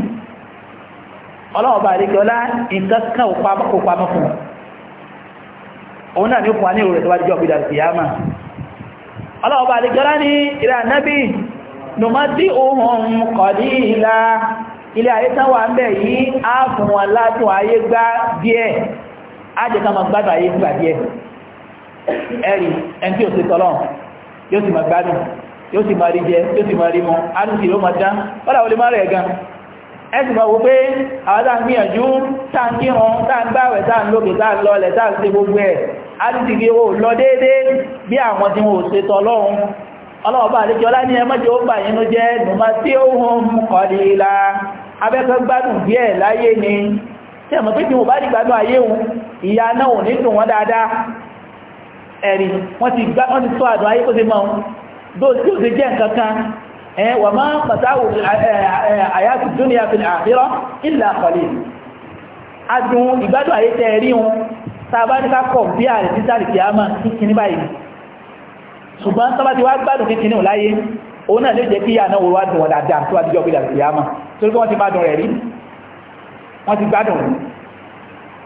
Speaker 1: ọlọ́ọ̀bá àríkẹ́ ọlá nǹkan kan kó pamọ́ fún òun náà ní ó fún wa ní ìròyìn tó wá jọ ìdàrí sí yáàmà ọlọ́ọ̀bá àríkẹ́ ọlá ní ìrẹ́ ànábì nùmọ́dí ohun kọ̀dí ìlà ilé ayé tán wà ń bẹ̀ yìí yóò sì máa rí jẹ yóò sì máa rí mọ́ àdúsì ló máa dá wọ́n àwọn olèmọ́ rẹ̀ gan ẹ̀sì máa wo pé àwọn tàà ń gbìyànjú tàà ń kírun tàà ń gbàwẹ̀ tàà ń lókè tàà ń lọlẹ̀ tàà ń ṣe gbogbo ẹ̀ àdúsì gbé o lọ déédéé bí àwọn tí wọn ò ṣe tọ lọ́run ọlọ́ọ̀bá àlejò ọlá ní ẹmọ́jẹ́ ó bà yínú jẹ́ nùmá tí ó hún kọlìlá abẹ́kọ́ gbádùn díẹ̀ láyé ni tí ẹ̀mọ̀ pé tí wọ́n bá dìgbádùn ayé wọn ìyá náà ò ní dùn wọ́n dáadáa ẹ̀rì wọ́n ti tọ́ àdùn ayé kó se mọ́ tí ó ti jẹ́ nǹkan kan wà máa pàtàwò àyàtì dúnìyà fi àfíra ìlà àkọlẹ̀ adùn ìgbádùn ayé tẹ́ rí wọn tàbá ní kákọ̀ bí ààrẹ títàrí kìí àmà kíkiri báyìí ṣùgbọ́n tọ́bá ti wá gbádùn kíkiri láyé òun náà lè jẹ́ kí àná wọ́n wá wọn dáadáa tó wá bí ààrẹ kìí àmà torí wọ́n ti gbádùn rẹ̀ rí wọ́n ti gbádùn rẹ̀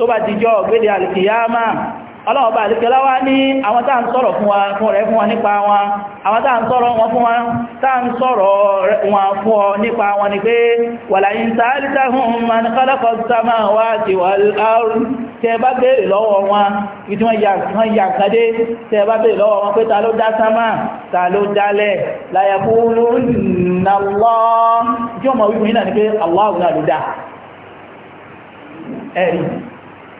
Speaker 1: tó bá dìjọ́ ọ̀gbẹ́dẹ̀ alìkìyàmá ọlọ́ọ̀bá àdíkẹ́lá wá ní àwọn táà ń sọ̀rọ̀ fún wa fún rẹ̀ fún wa nípa wọn àwọn táà ń sọ̀rọ̀ wọn fún wa táà ń sọ̀rọ̀ wọn fún ọ nípa wọn ni pé wà láyín tààlítàhùn man kọ́lọ́kọ́ sámà wá ti wà láàrùn ẹ̀rí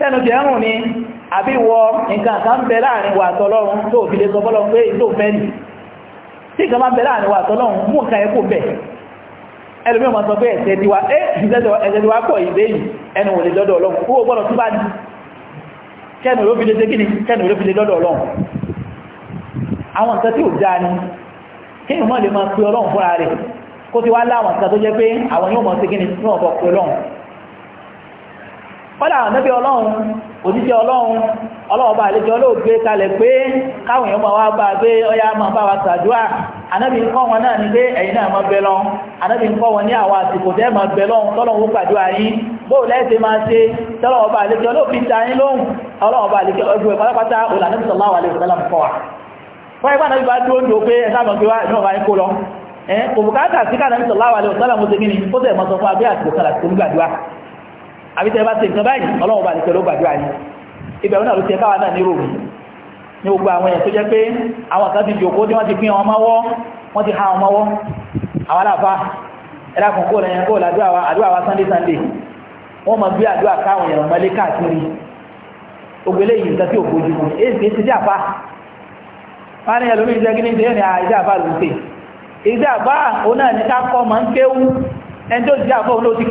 Speaker 1: tẹ́nu jẹ́ rùn ni àbí wọ nǹkan kan ń bẹ láàrin wà tọ́lọ́run tó fi lè sọ fọ́lọ́ pé ìlò mẹ́rin tí ìkan máa ń bẹ láàrin wà tọ́lọ́run mú nǹkan ẹkù bẹ̀ ẹlùmí ọmọ sọ pé ẹ̀ṣẹ̀ tiwa ẹ́ ẹ̀ṣẹ̀ tiwa pọ̀ ìdé yìí ẹnu wò lè dọ́dọ̀ ọlọ́run owó gbọ́dọ̀ tún tí wá láwọn nǹkan pé àwọn yóò mọ̀ sí kíni tí wọ́n fọ́ kọ́dà ànábì ọlọ́run òjíṣẹ́ ọlọ́run ọlọ́run bá àlejò olóògbé kalẹ̀ pé káwọn èèyàn máa wá bá a pé ọyá máa bá wa ṣàdúrà ànábì ń kọ́ wọn náà ní pé ẹ̀yin náà máa bẹ lọ ànábì ń kọ́ wọn ní àwọn àsìkò tẹ́ máa bẹ lọ́hùn tọ́lọ́hùn ó gbàdúrà yín bóò lẹ́sẹ̀ máa ṣe tọ́lọ́run bá àlejò olóògbé ta yín lóhùn ọlọ́run bá àlejò olóògbé pátápátá òlànà sallallahu alaihi wasallam kọ́ wa wọ́n ìgbà náà bá dúró ń dò pé ẹ̀sàmọ̀ pé wá ìmọ̀ bá ń kó lọ ẹ̀ kò bùkátà sí kàdà ní sallallahu alaihi wasallam mo ṣe gíní ó tẹ̀ mọ́ sọ fún abẹ́ àti òkàlà tó ń gbàdúrà àbí tẹ́ bá ti nǹkan báyìí ọlọ́run bá nìkẹ́ ló gbàdúrà yìí ibẹ̀rún náà ló ti ẹkáwà náà nírò ní gbogbo àwọn èèyàn tó jẹ́ pé àwọn kan ti jòkó tí wọ́n ti pín àwọn máwọ́ wọ́n ti ha àwọn máwọ́ àwọn aláfà ẹ̀dàkùn kó lẹ́yìn kó làdúrà wa àdúrà wa sunday sunday wọ́n mọ̀ bí àdúrà káwọn èèyàn mọ́lé káàkiri gbogbo eléyìí nǹkan tí ò bójú mu èyí ti ti dàfà wọ́n ní ẹlòmíì jẹ́ kí ní ṣe ní àìsí àfà ló ń pè ìdí àfà òun náà ní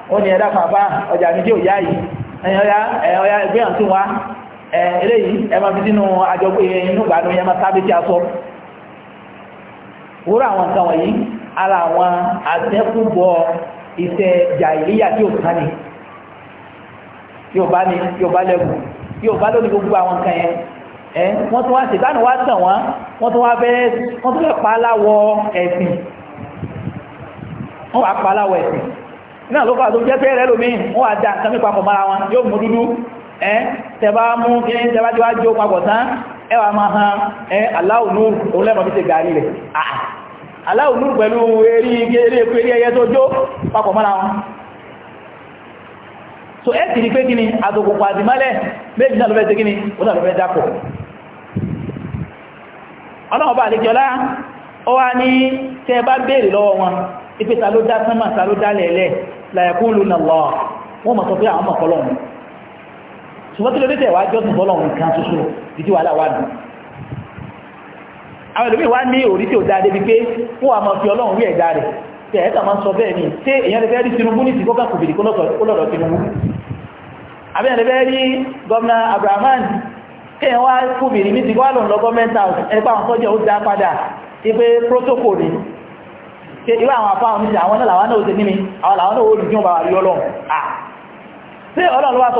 Speaker 1: ó ní ẹ̀dá pàpá ọjà mi tí ò yá yìí ẹ̀yọ́yá ẹ̀yọ́yá ẹgbẹ́ àǹtí wa eléyìí ẹ máa fi sínú àjọ pé inú ìgbà lóyún ẹ máa sábẹ́ tí a sọ wúrọ̀ àwọn nǹkan wọ̀nyí ara àwọn àtẹ́kùbọ̀ iṣẹ́ jàìlíyà tí ò kánì yóò bá ní yóò bá lẹ́kùn yóò bá lórí gbogbo àwọn nǹkan yẹn ẹ wọ́n tún wá ṣètánù wá tàn wọ́n wọ́n tún wá bẹ́ẹ̀ wọ́n tún fẹ́ pa aláwọ̀ ẹ̀sìn wọ́n wá pa aláwọ̀ ẹ̀sìn náà ló fà tó jẹ́ pẹ́ẹ̀rẹ́ lómi wọ́n àdá nǹkan mípa pọ̀ mara wọn yóò mú dúdú ẹ́ tẹba mú kí ní tẹba tí wá jó papọ̀ tán ẹwà máa han ẹ́ Allahu Nur òun rẹ̀ Allahu so ẹ́ sì rí pé kíni àtòkò pàdìmálẹ̀ méjì náà ló fẹ́ ṣe kíni ó náà ló fẹ́ dápọ̀ ọlọ́wọ́ bá àdéjọlá ó dá sánmà ta ló dá lẹ̀ẹ́lẹ́ làyẹ̀kúlù nà lọ wọ́n mọ̀ sọ pé àwọn mọ̀kọ́ lọ́wọ́ ṣùgbọ́n tí lórí tẹ̀ wá jọ́sìn bọ́ lọ́wọ́ nǹkan ṣoṣo títí wàhálà wà nù àwọn ẹlòmíì wá ní orí tí ò dáa débi pé wọ́n wà máa fi ọlọ́run wí ẹ̀dá rẹ̀ tẹ̀ ẹ́ kà máa ń sọ bẹ́ẹ̀ ni ṣé èèyàn lè fẹ́ rí Tinubu ní ìsìnkọ́kà kòbìdì ṣe ìwé àwọn afáwọn oníṣẹ́ àwọn náà làwọn náà ó ṣe níní àwọn làwọn náà ó rí jíun bá wà rí ọlọ́run à ṣé ọlọ́run wá sọ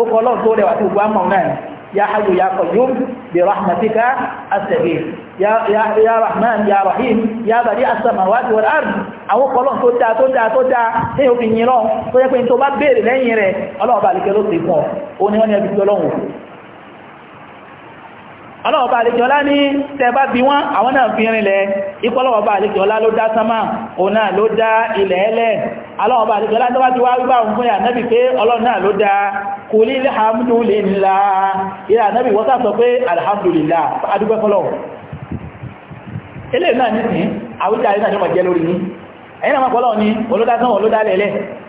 Speaker 1: ó kọ́ lọ́n tó rẹwà tí náà ya hayyu ya qayyum bi rahmatika astaghith ya ya rahman ya rahim ya bari as-samawati wal ard àwọn kọ́ lọ́n tó dá tó dá tó dá tí ó fi yin lọ́n tó yẹ pé tó bá béèrè lẹ́yìn rẹ̀ ọlọ́run lè kẹ́ ló fún ọ ọlọ́ọ̀bá àlejọ́lá ní tẹba bí wọ́n àwọn náà fi rìnlẹ̀ ipọ́lọ́ọ̀bá àlejọ́lá ló dá sánmà òun náà ló dá ilẹ̀ ẹlẹ̀ alọ́ọ̀bá àlejọ́lá tó wá ti wá wípá òun fún ìyànẹ́bì pé ọlọ́run ló dá alhamdulillah adúgbẹ́ fọ́lọ̀ ilé náà nìsín àwújá àrínájọ́mọ̀ jẹ́ lórí ní ẹ̀yìn àwọn ọlọ́run ni olódásán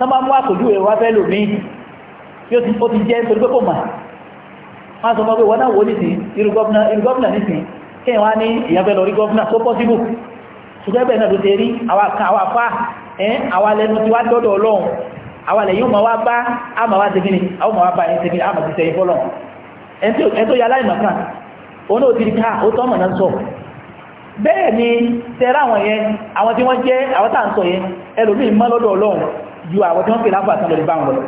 Speaker 1: tán bá mú àkójú ẹ̀wà fẹ́ lò mí tí ó ti jẹ́ torí pé kò mà má sọ fún pé wọ́n náà wò ní sí irú gọ́vnà ní sí kéèyàn wá ní èèyàn lọ rí gọ́vnà tó pọ́síbù fa ẹ̀ àwa lẹnu ti wá dọ́dọ̀ ọlọ́run àwa ni àwọn máa wá bá ẹni segin àmà ti sẹ́yìn fọ́lọ̀ ẹ̀ tó yà láìmọ̀ kan bẹ́ẹ̀ ni tẹ́rà àwọn yẹn àwọn tí wọ́n jẹ́ àwọn tá ń sọ yẹn ẹlòmíì má lọ́dọ̀ ọlọ́run ju àwọn tí wọ́n pè láfà tán lórí bá wọn lọ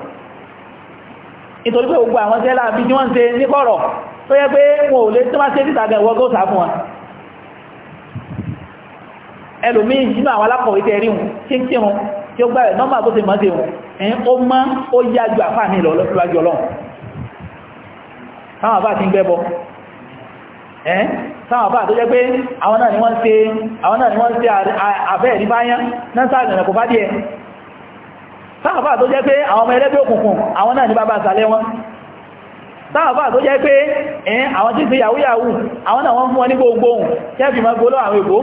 Speaker 1: nítorí pé àwọn tẹ́lá bí tí wọ́n ń ní kọ̀rọ̀ tó yẹ pé wọn ò lè tó máa ṣe títà gan ìwọ́gọ́ fún wọn ẹlòmíì nínú àwọn alákọ̀wé sáwọn àbá tó jẹ́ pé àwọn náà ni wọ́n ṣe àbẹ́ẹ̀rí báyán náà sáàrẹ̀ ẹ̀kọ́ bá díẹ̀ táàfà tó jẹ́ pé àwọn ọmọ ẹlẹ́gbẹ́ òkùnkùn àwọn náà ní bàbá àsàlẹ̀ wọn táàfà tó jẹ́ pé ẹ̀yìn àwọn tí sí yahoo yahoo àwọn náà wọ́n fún wọn ní gbogbo ohun tẹ́ fi máa gbóló àwọn èkó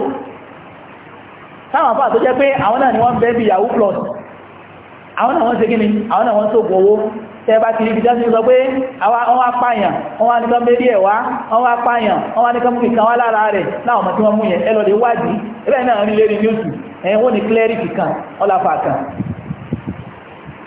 Speaker 1: táàfà tó jẹ́ pé àwọn náà ni wọ́n bẹ́ bí yahoo plus àwọn náà wọ́n ṣe kíni àwọn náà wọ́n tó gbowó tẹ́ bá ti rí bíjá sí sọ pé àwọn apáyàn wọ́n wá nìkan mérí ẹ̀wá wọ́n wá apáyàn wọ́n wá nìkan múkì kan wá lára rẹ̀ láwọn ọmọ tí wọ́n mú yẹn ẹlọ́dẹ̀ wádìí ẹbẹ̀ náà rí lérí níwùsù ẹ̀wọ́n ni cleric kan ọlàfà kan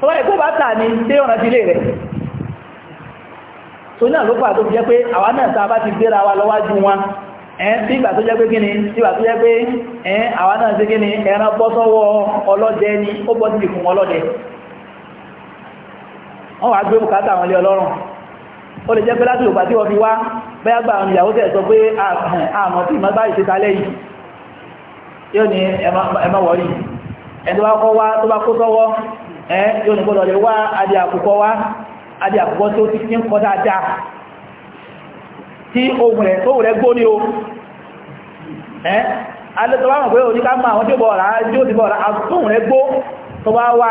Speaker 1: tó wáyé pé bá tà ní tí ọ̀nà ti lè rẹ̀ tó náà ló pà tó jẹ́ pé àwa náà tá a bá ti gbéra wa lọ́wájú wọn ẹ̀ẹ́n tí ìgbà tó jẹ́ pé kíni tí ìgbà tó jẹ́ pé ẹ̀ẹ́n àwa náà sí kíni ẹran bọ́ sọ́wọ́ ọlọ́dẹ ni ó bọ́ sí ìkùn ọlọ́dẹ wọ́n wá gbé bùkátà wọn lé ọlọ́run ó lè jẹ́ pé láti òpàtí wọ́n fi wá bẹ́yà gbà àwọn ìyàwó tẹ̀ sọ pé àmọ́ tí ìmọ̀ báyìí ṣe ta lẹ́yìn yóò ní ẹmọ tó bá kó sọ́wọ́ ẹ́ yóò ní gbọ́dọ̀ lè wá adé àkùkọ wá adé àkùkọ tó ti ń kọ dáadáa tí ohun rẹ̀ ní o ẹ́ alẹ́tọ̀wọ́n pé òní máa àwọn tí ó bọ̀ọ̀rá ti bọ̀ọ̀rá rẹ̀ gbó tó bá wá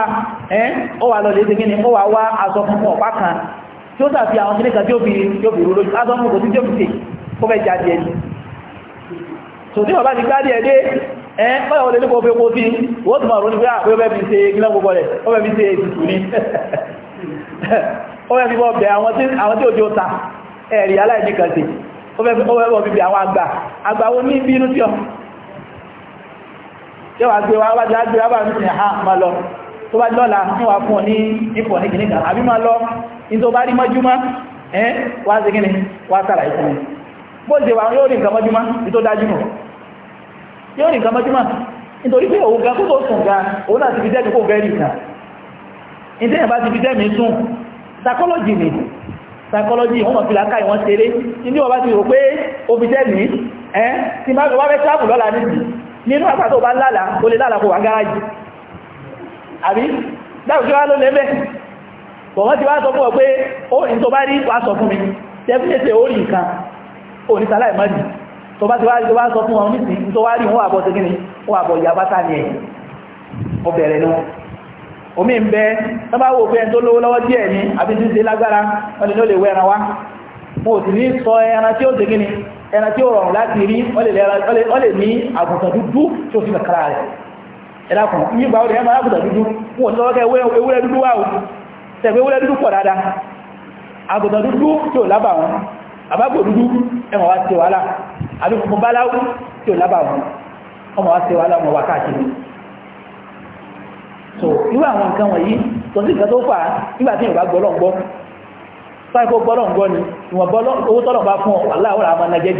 Speaker 1: ẹ́ ó wà tí ó tí ó ti ẹ́ báyọ̀ olè nípa ọ̀fẹ́ kó tí wọ́n tún máa rọ ní pé àpé ah, ọbẹ̀ fi ṣe gílẹ̀ gbogbo rẹ̀ ọbẹ̀ fi ṣe ìtùtù ní (laughs) ọbẹ̀ fi bọ̀bẹ̀ àwọn tí òjò ta ẹ̀rì aláìníkàtì ọbẹ̀ bọ̀bẹ̀ àwọn àgbà àgbà wo ní bínú tí ọ yẹ́ wà gbé wá já gbé wá bá ní ṣe ha ma lọ tó bá lọ́la fún wa fún ọ ní ipò ní kìnnìkan àbí ma lọ ní tó bá rí mọ́júmọ́ ẹ́ wá sí kìnnì wá sára ìfún bó ṣe wà yóò rí nǹkan mọ́júmọ́ ní tó dájú nù yóò rí nǹkan mọ́júmọ́ nítorí pé òun ga kó tó sùn ga òun náà ti fi dẹ́mi kó bẹ́ẹ̀rì ìtàn ìdẹ́yìn bá ti fi dẹ́mi sùn psychology ni psychology wọ́n mọ̀ fi làákà ìwọ̀n ṣeré ní ọba ti rò pé omi dẹ́mi ẹ́ ti máa gbọ́ wáfẹ́ travel lọ́la níbi nínú àpá tó bá lálà o lè lálà kó wà gáràjì àbí dáàbùsí wá ló lẹ́bẹ̀ bọ̀ wọ́n ti wá sọ fún ọ pé ó ní tó bá rí wá sọ fún mi tó bá ti wá rí tó bá sọ fún wọn nísìnyí tó wá rí wọn àbọ̀ segin ni wọn àbọ̀ ìyá bátà ni ẹ̀ ó bẹ̀rẹ̀ ni wọn omi ń bẹ tó pé ẹni tó lówó lọ́wọ́ díẹ̀ ni àbí tí ń ṣe lágbára wọn ni ló lè wẹ ẹran wá wọn ò sì ní sọ ẹran tí ó segin ni ẹran tí ó rọrùn láti rí wọn lè ní àgùntàn dúdú tí ó fi kàkàrà rẹ̀ ẹ̀dá kan ní ìgbà ó lè ẹran àgùntàn dúdú wọn ò ní lọ́wọ́ àbí funfun tí ò wọn ọmọ wa ṣe wà láwọn wà káàkiri so irú àwọn nǹkan wọ̀nyí kò sí nǹkan tó fà á nígbà tí yorùbá gbọ́ ni ìwọ̀n bọ́ owó tọ́lọ̀ bá fún aláwọ̀ làwọn máa najẹ́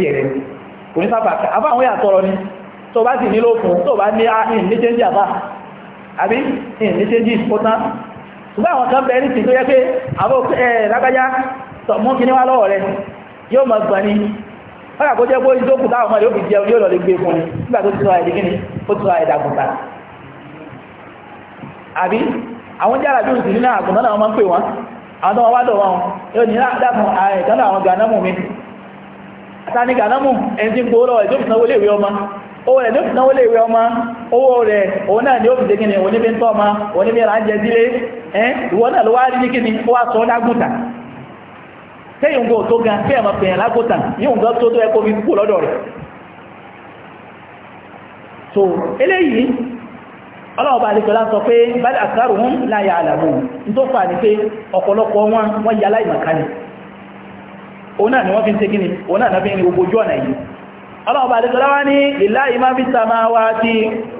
Speaker 1: kò ní àwọn ni tó bá sì nílò fún tó bá ní ah, àbá fọ́nà kó jẹ́ bóyí tó kù táwọn ọmọ yóò fi jẹun yóò lọ lè gbé fún ni nígbà tó tura ẹ̀dí kíni ó tura ẹ̀dà gùnta àbí àwọn jára bí òsì nínú náà máa ń pè wọ́n àwọn tó wọ́n wá wọn yóò ní ah, dákun ààrẹ ah, ìtọ́nà àwọn gànámù mi ta gànámù ẹni tí ń gbowó lọ́wọ́ ìsanwó ọmọ owó rẹ̀ kẹ́yìn ń gbọ́ tó gan kẹ́yìn máa pèèyàn lágbótàn yóò ń gbọ́ tó tó ẹkọ́ mi lọ́dọ̀ rẹ̀ so eléyìí ọlọ́ọ̀bá àdìsọ́lá sọ pé bal aktharuhum la ya'lamun ní tó fà ní pé ọ̀pọ̀lọpọ̀ wọn wọ́n yà láìmọ̀kánì òun náà ni wọ́n fi ń òun náà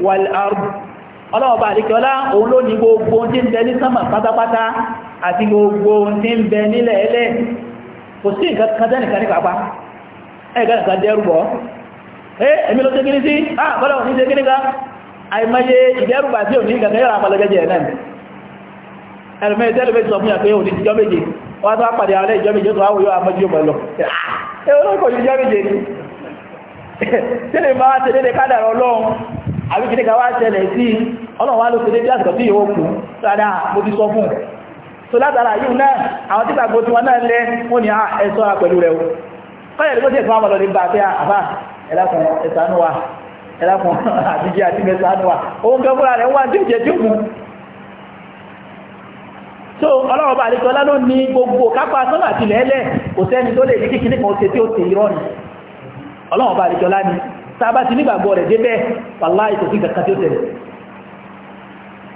Speaker 1: wal òun ló ní gbogbo tí ń bẹ ní sánmà kò sí nǹkan kan tẹ́nìkan ní pàápàá ẹ̀ẹ́gán nǹkan dẹ́rù bọ́ ẹ́ èmi ló tẹ́kiri sí ah bọ́lá òní tẹ́kiri ká àìmọye ìdẹ́rùbà tí òní nǹkan yọ́ra apalẹ́gẹ́jẹ́ náà ẹ̀rùmẹ́ ìtẹ́lùmẹ́ ti wá ni tẹ́lẹ̀ bá wá sí ọlọ́run wá bí àsìkò tí yóò kú sáadá mo ti sọ fún so látara yìí náà àwọn tí gbàgbọ́ tí wọ́n náà lẹ́ wọ́n ni pẹ̀lú rẹ̀ o kọ́yẹ̀ ló sì fún àwọn bá pé ah, àbá ẹ̀lákùn ẹ̀sánú wa ẹ̀lákùn àtijẹ́ (laughs) àti mẹ́sánú wa òun kan fúnra rẹ̀ ní so ọlọ́run bá àlejò ní gbogbo kápá sọ́nà àti lẹ́lẹ̀ kò sẹ́ni tó lè ní kíkiri kan ṣe ti ni ọlọ́run bá ni tá ti nígbàgbọ́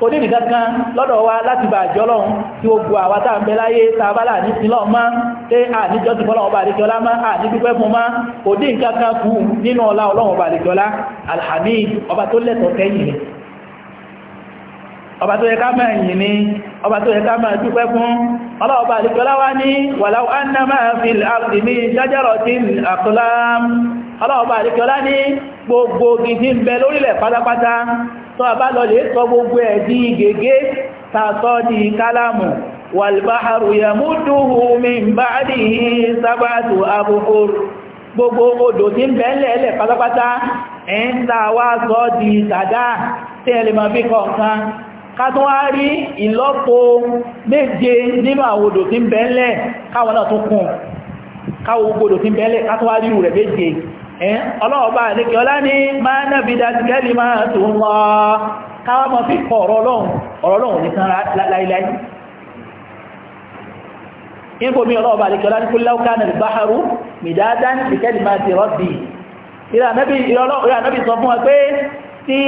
Speaker 1: kò ní nìkan kan lọ́dọ̀ wa láti bà jọ lọ́hun tí ó gbọ́ àwa tá à ń bẹ láyé tá a bá là ní sílọ̀ mọ́ pé àníjọ́ ti fọ́lọ́wọ́ bá àdéjọ́lá mọ́ àníjúpẹ́ fún mọ́ kò ní nǹkan kan kù nínú ọlá ọlọ́wọ́ bá àdéjọ́lá alhamid ọba tó lẹ́tọ̀ọ́ tẹ́yìn tọ́ àbálọ̀lẹ̀ sọ gbogbo ẹ̀ di gègé tàtọ́ di kálámù wàlbáharù yàmúdùhù min ba'dihi sábàtù abúhùr gbogbo odò tí ń bẹ̀ẹ́lẹ̀ ẹlẹ̀ pátápátá ẹ̀ ń tàwà sọ di tàdá tí ẹlẹ́mọ̀ fi kọ̀ọ̀kan kátún wá ọlọ́ọ̀bá àdékẹ́ ọlá ní máa náàbí dájúkẹ́lì máa tó ń lọ káwà mọ́ fi kọ ọ̀rọ̀ ọlọ́run ọ̀rọ̀ ọlọ́run nìkan láìláì nígbò mí ọlọ́ọ̀bá àdékẹ́ ọlá ní kó láúká nà báharú mìdádá nìkẹ́lì máa ti rọ́bì ìrànàbí sọ fún wa pé tí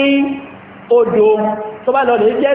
Speaker 1: odò tó bá lọ lè jẹ́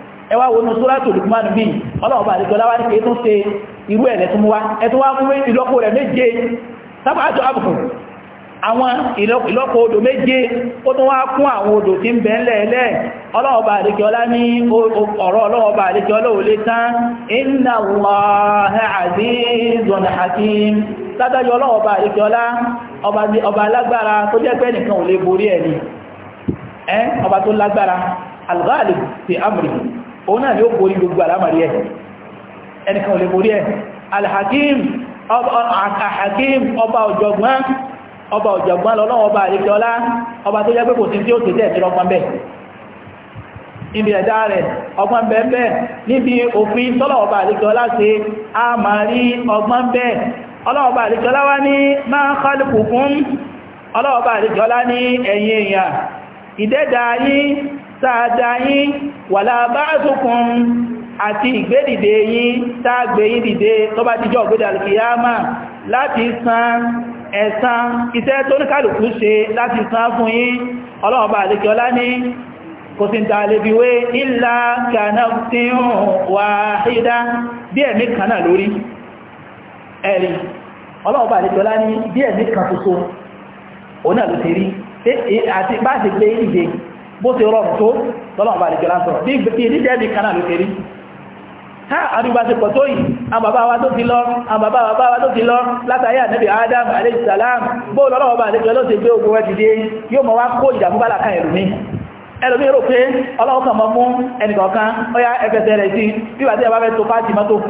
Speaker 1: ẹwà wo nù súrátù Lukman bí ọlọ́wọ́ bá àdìgbọ́lá ní kí ṣe irú ẹ̀lẹ́ tún wá ẹtún fún ìlọ́po rẹ̀ méje sábàájọ́ àbùkù àwọn ìlọ́po odò méje ó tún wá kún àwọn odò tí ń bẹ ńlẹ̀ẹ́lẹ̀ ọlọ́wọ́ bá àdìgbọ́lá ní ọ̀rọ̀ ọba òun náà ni ó borí gbogbo àlámàrí ẹ̀ ẹnìkan ò lè borí ẹ̀ alhakim ọba ọ̀jọ̀gbọ́n ọba ọ̀jọ̀gbọ́n lọ́lọ́wọ́ ọba àríkẹ́ọlá ọba tó jẹ́ pé kò sí tí ó ti tẹ́ ìtìrọ ọgbọ́n bẹ́ẹ̀ níbi ẹ̀dá rẹ̀ ọgbọ́n bẹ́ẹ̀ níbi òfin tọ́lọ̀ọba àríkẹ́ọlá ṣe a máa rí ọgbọ́n bẹ́ẹ̀ sáàdá yín wàlá ba'thukum àti ìgbédìde yín tágbé yín dìde tó bá díjọ́ ògbédà alkiyama láti san ẹ̀san iṣẹ́ tó ní kálùkù ṣe láti san fún yín ọlọ́ọ̀bá àlekíọlá ní kò sí tààlébíwé ìlà kanáfíhùn wàhídá bí ẹ̀mí kaná lórí ẹ̀rí bí ẹ̀mí bó ṣe rọrùn tó lọ́lọ́run bá lè jẹ́ lásọ̀rọ̀ bí ìdíjẹ́ mi kan náà ló ṣe ha àríwá ti pọ̀ tó yìí àwọn bàbá wa tó ti lọ àwọn bàbá bàbá tó ti lọ látàrí ànábì Adam alayhi salam bó lọ́lọ́wọ́ bá àlejò ló ṣe gbé ogun rẹ̀ dìde yóò mọ̀ wá kó ìdàmúbà làkàn ẹ̀rù mi ẹlòmí rò pé ọlọ́wọ́ kan mọ́ mú ẹnìkọ̀ọ̀kan ó yá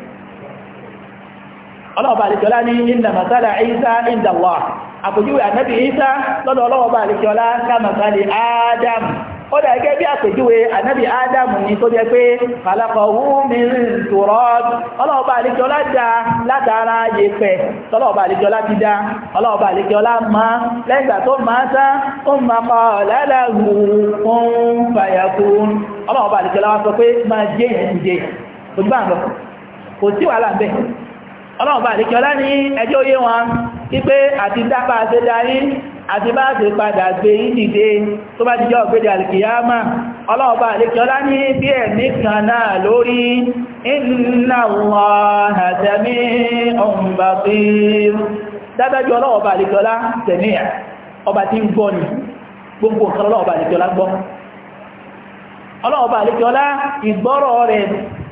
Speaker 1: ọlọ́ọ̀bá àlekíọ́lá ní inna masala Isa inda Allah àpèjúwe ànábì Isa lọ́dọ̀ ọlọ́ọ̀bá àlekíọ́lá ká masali Adam ó dà gẹ́gẹ́ bí àpèjúwe ànábì Adam ní tó jẹ́ pé khalaqahu min turab ọlọ́ọ̀bá àlekíọ́lá dá látara yẹ̀pẹ̀ tọ́lọ́ọ̀bá àlekíọ́lá ti dá ọlọ́ọ̀bá àlekíọ́lá má lẹ́gbà tó má tán ó má pa ọ̀lẹ́lẹ́gùn fún fàyàkùn ọlọ́ọ̀bá àlekíọ́lá wá sọ ọlọ́run bá àdíkẹ́ ọlá ní ẹjọ́ oyé wọn wípé àti dápa àti darí àti bá àti padà gbé ìdìde tó bá jíjọ́ ògbédè alìkìyàmà ọlọ́run àdíkẹ́ ọlá ní bí ẹ̀mí kan lórí inna Allaha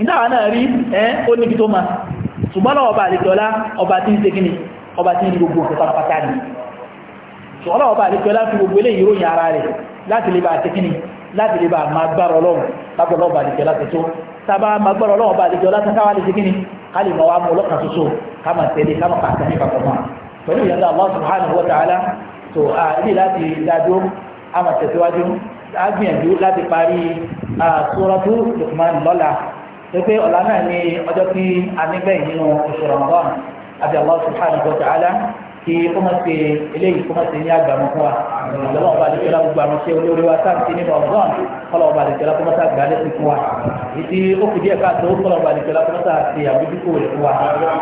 Speaker 1: ìdáwà náà rí ẹ́ ó níbi tó máa ṣùgbọ́n lọ́wọ́ ọba àlejọ́lá ọba tí ń ṣe gíní ọba tí ń rí gbogbo òkè pátápátá ni ṣùgbọ́n ọba àlejọ́lá fi gbogbo ilé ìròyìn ara rẹ̀ láti lè bá ṣe gíní láti lè bá máa gbára ọlọ́run lábọ̀lọ́ ọba àlejọ́lá ti tó sábà máa gbára ọlọ́run ọba àlejọ́lá tán káwá lè ṣe gíní ká lè mọ̀ wá mú ọlọ́kàn ṣoṣo ká máa tẹ̀lé ká máa pàṣẹ ní papọ̀ mọ́ pẹ̀lú ìyàtọ̀ Allah subhanahu wa ta'ala a gbìyànjú láti parí Suratu Luqman lọ́la pépé ọ̀la náà ní ọjọ́ tí a níbẹ̀ nínú oṣù Ramadan àti Allah subhanahu wa ta'ala kí ó máa ṣe eléyìí kó máa ṣe ní àgbàmù fún wa lọ́wọ́ ọba àdìsẹ́lá gbogbo àwọn ṣe olórí wa sáà nínú Ramadan kọ́lọ̀ ọba àdìsẹ́lá kó máa lẹ́sìn fún wa ìdí ó díẹ̀ káàtó kọ́lọ̀ ọba àdìsẹ́lá kó máa ṣe rẹ̀ fún wa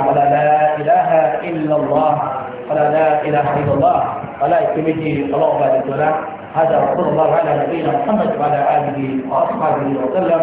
Speaker 1: wala la ilaha illallah wala la ilaha illallah wala ìpèméjì ọlọ́wọ́ ọba àdìsẹ́lá هذا وصلى الله على نبينا محمد وعلى اله واصحابه وسلم